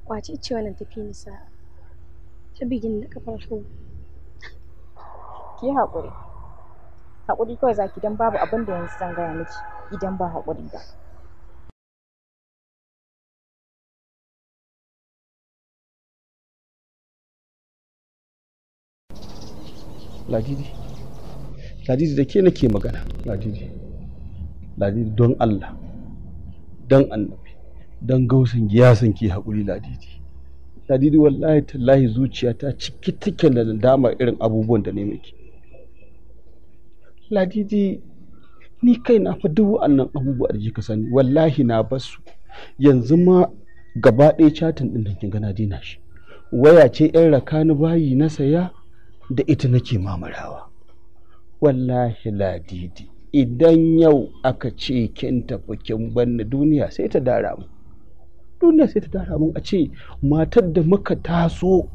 kwace ce wannan tafi nisa ta bigin da kafar hau ki yi haƙuri haƙuri kawai zaki don babu abin da yanzu zan gaya miki idan ba haƙuri ba ladidi ladidi da ke nake magana ladidi ladidi don Allah don annabi don gausan giyasan ki haƙuri ladidi ladidi wallahi tallahi ta ciki take da dama irin abubuwan da ne miki ladidi ni kai na fa duk wa'annan abubuwa da ka sani wallahi na basu yanzu ma gaba ɗaya chatin ɗin da ke gana dina shi waya ce yan raka ni bayi na saya da ita nake mamarawa wallahi ladidi idan yau aka ce kin tafi kin banna duniya sai ta dara mu duniya sai ta dara mu a ce matar da muka taso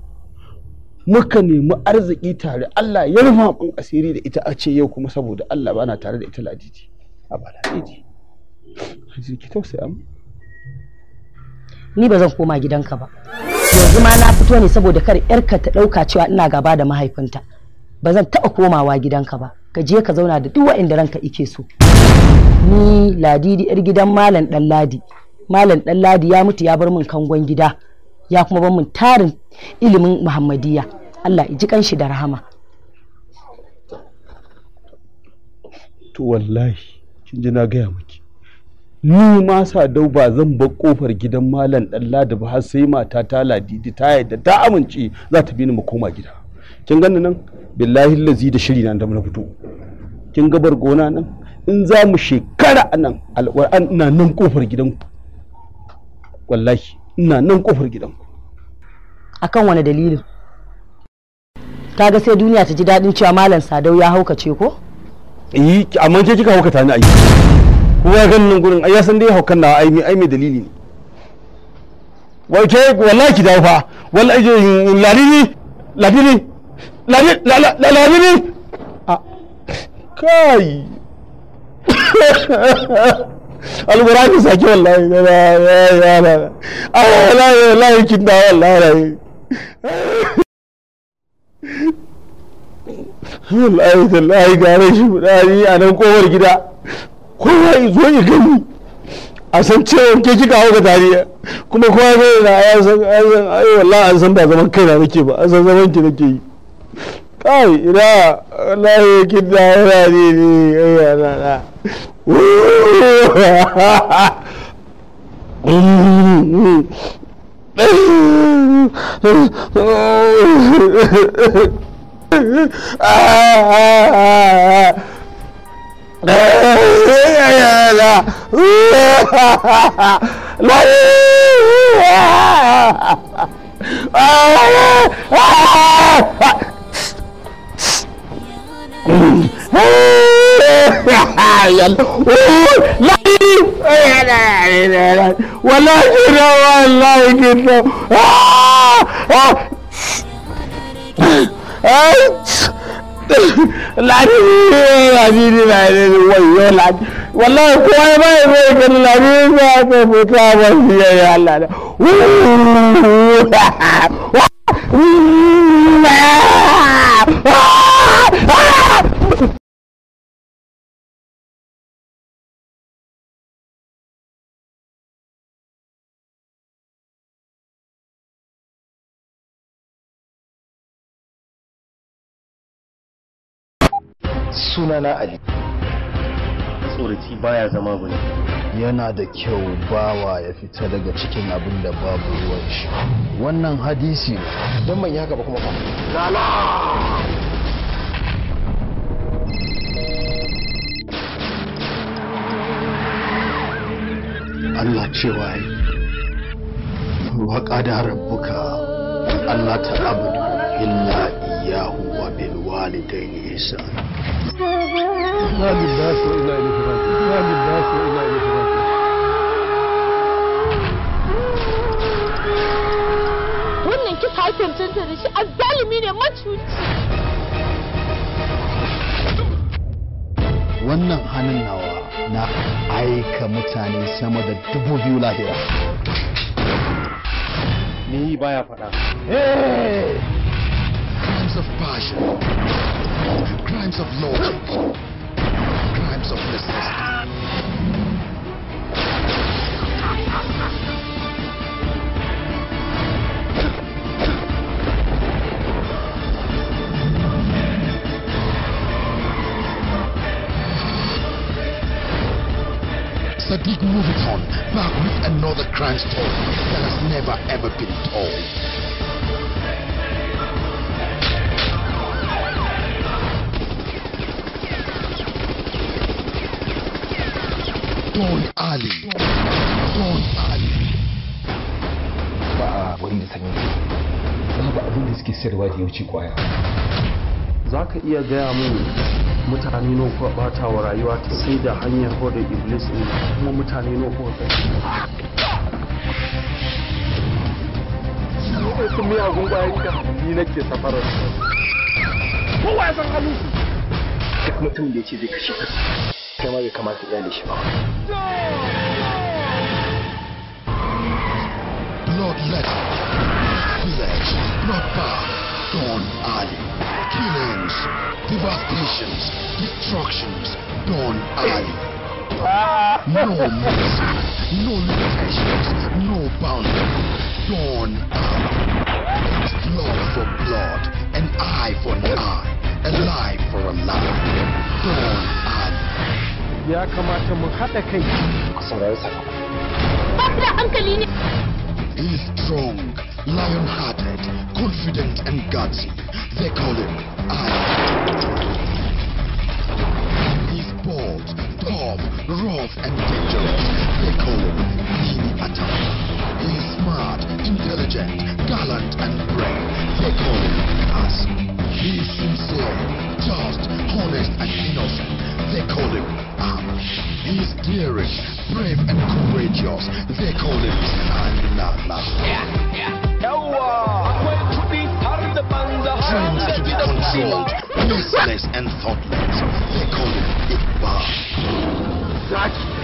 muka nemi arziki tare Allah ya rufa mun asiri da ita a ce yau kuma saboda Allah bana tare da ita ladidi a ba ladidi ki tausaya mu ni ba zan koma gidanka ba yanzu ma na fito ne saboda kar yarka ta dauka cewa ina gaba da mahaifinta ba zan taba komawa gidanka ba ka je ka zauna da duk wa'inda ranka ike so ni ladidi yar gidan malam dan ladi malam dan ladi ya mutu ya bar min kangon gida ya kuma bar min tarin ilimin muhammadiya Allah ya ji kanshi da rahama to wallahi kin ji na gaya miki ni ma sadau ba zan bar kofar gidan malam dan ladi ba har sai mata ta ladidi ta yadda ta amince za ta bi ni mu koma gida kin ganni nan billahi lazi da shiri nan da na fito kin bar gona nan in za mu shekara nan alquran ina nan kofar gidan wallahi ina nan kofar gidan akan wani dalilin ta ga sai duniya ta ji daɗin cewa malam sadau ya haukace ko eh amma ke kika haukata ni ai kowa ya ganin gurin ai ya san dai haukan na ai ai mai dalili ne wai ke wallahi ki dawo fa wallahi eh, ladini ladini ladini kai [COUGHS] alburani sake wallahi ya ya ya wallahi wallahi kin da wallahi [COUGHS] wallahi wallahi gare shi budani a nan kowar gida kowa ya zo ya gani a san cewa ke kika hau ga tariya kuma kowa zai na ya san ai wallahi an san ba zaman kaina nake ba an san zaman ki nake yi kai ina wallahi ki da yana ne ne ai na na [LAUGHS] Ah, ah, ah, ah. لا لا لا لا لا لا لا والله كده والله كده lami lamini na ne ne wayo lami wallahi kowa ya ba ya zai gani lami ba ya kai fita ba shi ya yi Allah da wuuu sunana ali tsoraci baya zama bane. yana da kyau bawa ya fita daga cikin abin da babu ruwan shi wannan hadisi ne don ban haka ba kuma ba lala Allah cewa yi waka da rabbuka Allah ta abudu illa الوالدين إحسانا ما بالباس وإلا إليك ما بالباس وإلا إليك wannan kisa ake cancanta da shi a azzalimi ne macuci wannan hannun nawa na aika mutane sama da dubu biyu lahira ni baya faɗa eh! of passion, crimes of logic, crimes of necessity. Sadiq Moviton back with another crime story that has never ever been told. Don Ali. Don Ali. Ba a wurin da sanyi. Babu abin da suke sayarwa da yauci kwaya. Za ka iya gaya mun mutane nawa kuwa bata wa rayuwa ta sai da hanyar hodar iblis ne kuma mutane nawa kuka kai. Sun miyagun kwayan ka ni nake safarar. Kowa ya san halin su. Duk mutum da ya ce zai kashe kai ma bai kamata iyali shi ba. Bloodletting, pillage, bloodbath, Dawn Alley. Killings, devastations, destructions, Dawn Alley. No mercy, no limitations, no boundary. Dawn Alley. It's blood for blood, an eye for an eye, a life for a life. Dawn ya kamata strong, lion-hearted, confident and gutsy. They call him Iron. He's bold, tough, rough and dangerous. They call him Mini Attack. He's smart, intelligent, gallant and brave. They call him As. He's sincere, just, honest and innocent. They call him He's daring, brave and courageous. They call him Sanana. Dreams to be controlled, useless and thoughtless. They call him Iqbal.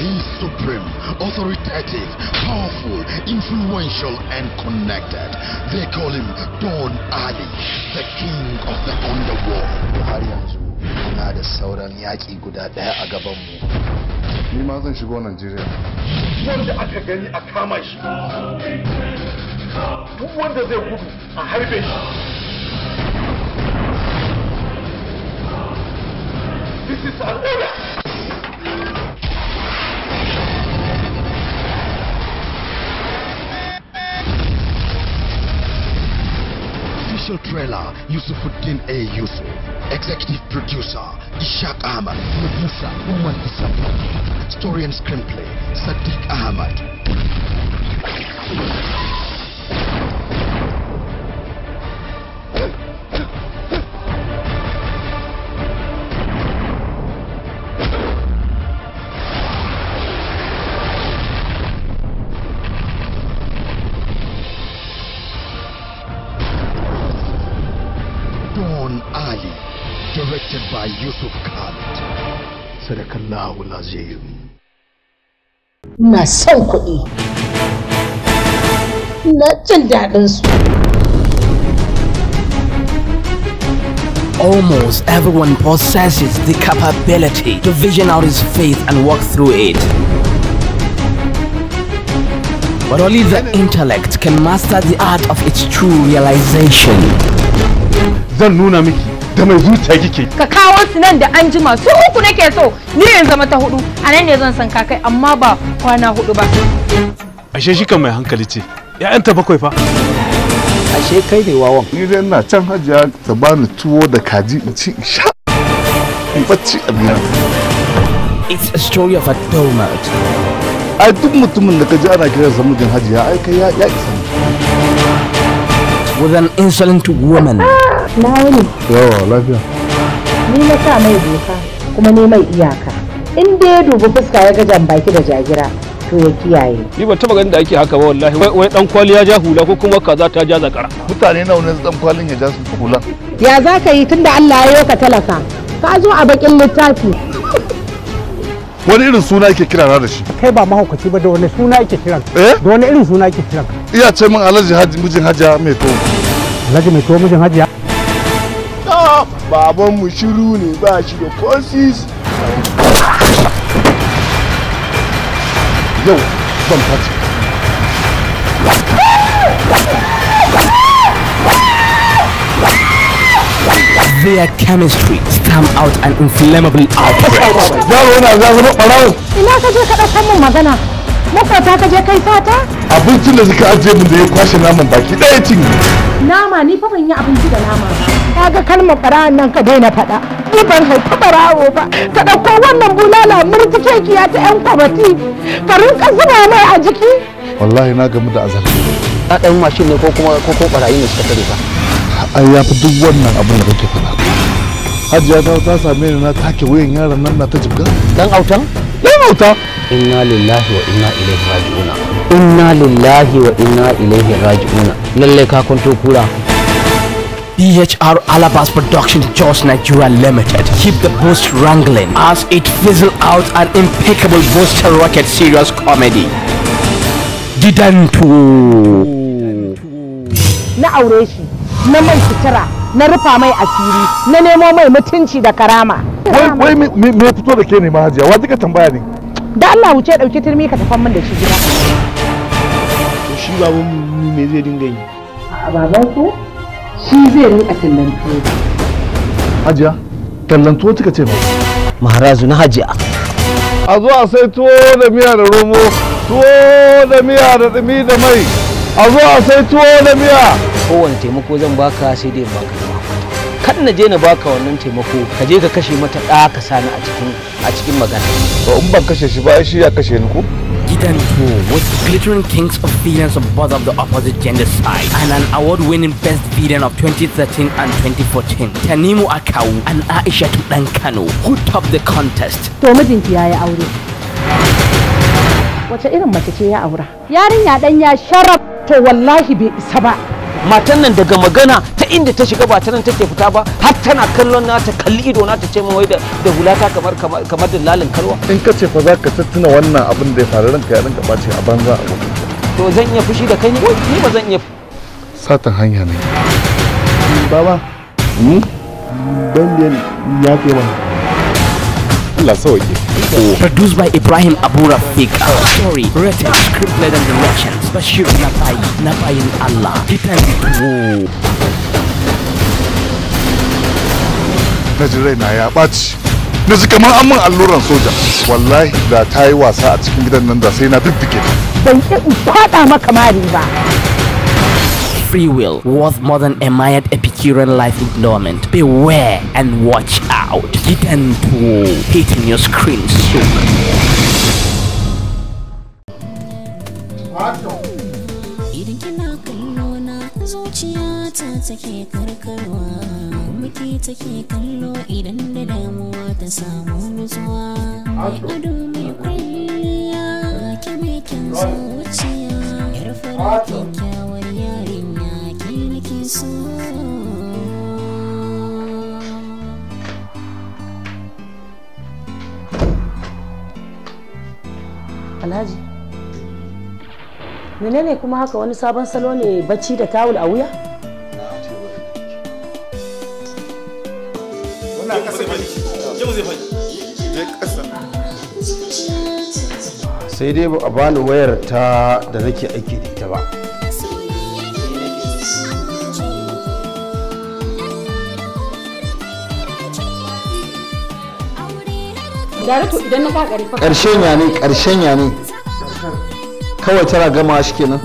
He's supreme, authoritative, powerful, influential, and connected. They call him Don Ali, the king of the underworld. muna da sauran yaƙi guda ɗaya a gabanmu ni ma zan shigo najeriya wanda aka gani a kama shi duk wanda zai gudu a harbe shi this is an order Official trailer, Yusufuddin A. Yusuf. Executive producer, Ishak Ahmad. Producer, Umar Isabel. Story and screenplay, Sadiq Ahmad. sadakallahu ina son ina jin su Almost everyone possesses the capability to vision out his faith and walk through it. But only the intellect can master the art of its true realization. The nuna da mai zuciya kike ka kawo su nan da an jima su uku nake so ni yanzu zama ta hudu a nan ne zan san kakai amma ba kwana hudu ba ashe shi kan mai hankali ce ta bakwai fa ashe kai ne wawan ni dai ina can hajiya ta bani tuwo da kaji in ci in sha in bacci a biya it's a story of a doormat ai duk mutumin da ka ji ana sa mijin hajiya ai kai ya isa with an insolent woman ah! na wuni yawa lafiya ni na sa mai doka kuma ne mai iyaka in da ya dubi fuska ya ga jan baki da jagira to ya kiyaye ni ba taba ganin da ake haka ba wallahi wai dan kwali ya ja hula ko kuma kaza ta ja zakara mutane nawa ne dan kwalin ya ja su hula ya za ka yi tunda Allah ya yi ka talaka ka zo a bakin littafi wani irin suna yake kira na da shi kai ba mahaukaci ba da wani suna yake kira eh da wani irin suna yake kira iya ce min alhaji mijin hajiya mai to alhaji mai to mijin hajiya mu shiru ne ba shi da kosis yau ban fata Their chemistry stamp out an inflammable outbreak. Yaro na za zama Ina ka je ka magana. Makwata ka je kai fata? Abincin da suka ajiye min da ya kwashe naman baki ɗaya cinye. nama ni fa ban yi abinci da nama ka ga kalmar ɓarawan nan ka daina faɗa ni ban haifi ɓarawo ba ka ɗauko wannan bulala ya ta 'yan kwamati ka rinka zuba mai a jiki wallahi na gamu da azar ka ɗan mashin ne ko kuma ko barayi ne suka tare ka ai ya fi duk wannan abin da kake faɗa hajiya ta same ni na take wuyan yaran nan na ta jibga dan autan dan auta inna lillahi wa inna ilaihi raji'una inna lillahi wa inna ilaihi raji'una lalle ka kunto kura DHR e Alabas Production Jos Nigeria Limited keep the boost wrangling as it fizzle out an impeccable booster rocket serious comedy. Gidantu. Na aure shi, na mai sutura, na rufa mai asiri, na nemo mai mutunci da karama. Wai me fito da ke ne ma hajiya, wa kika tambaya ne? da Allah wuce dauki turmi ka tafan min da shi gida to shi baban mu me zai dinga yi a baban ku shi zai rinka a tallanto. hajiya tallanto kika ce ba maharazu na hajiya a zo a sai tuwo da miya da romo tuwo da miya da dumi da mai a zo a sai tuwo da miya kowane taimako zan baka sai dai baka har na je na baka wannan taimako ka je ka kashe mata ɗa ka sani a cikin a cikin magana ba in ban kashe shi ba shi ya kashe ni ko Gidan Tour was glittering kings of villains of both of the opposite gender side and an award-winning best villain of 2013 and 2014. Tanimu Akau and Aisha Kano who topped the contest. To mijinki yayi aure. Wace irin mace ce ya aura? Yarinya dan ya sharaf to wallahi bai isa ba. Matan nan daga magana ta inda ta shiga ba ta nan take fita ba har tana kallon nata kalli ido na ta ce min wai da hulata kamar kamar dillalin kalwa in ka ce fa za ka tattuna wannan abin da ya faru ranka ya ranka ɓace a banza a wajen to zan iya fushi da kai ne ni ba zan iya satan hanya ne baba ni hmm? dan ya ke ba. Allah sauke. Produced by Ibrahim Abu Rafiq. Story written, scripted and direction. Bashir Nafayi, Nafayin Allah. Kitan. na ji raina ya ɓaci na ji kamar an min alluran soja wallahi da ta yi wasa a cikin gidan nan da sai na bibbike ban ki in fada maka mari ba Free will was more than a mired Epicurean life ignorement Beware and watch out. Gidan tuwo hitting your screen soon. Idan kina kallo zuciya ta take karkarwa. baki take kallo idan da damuwa ta samu nutsuwa mai ado mai kwalliya ke mai kyan zuciya yar fara kyakkyawar yarinya ke nake so Alhaji, menene kuma haka wani sabon salo ne bacci da tawul a wuya? sai dai ba a bani wayar ta da nake aiki da ita ba ƙarshen ya ne ƙarshen ya ne kawai tana gama shi kenan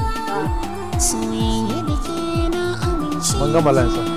mun gama lansa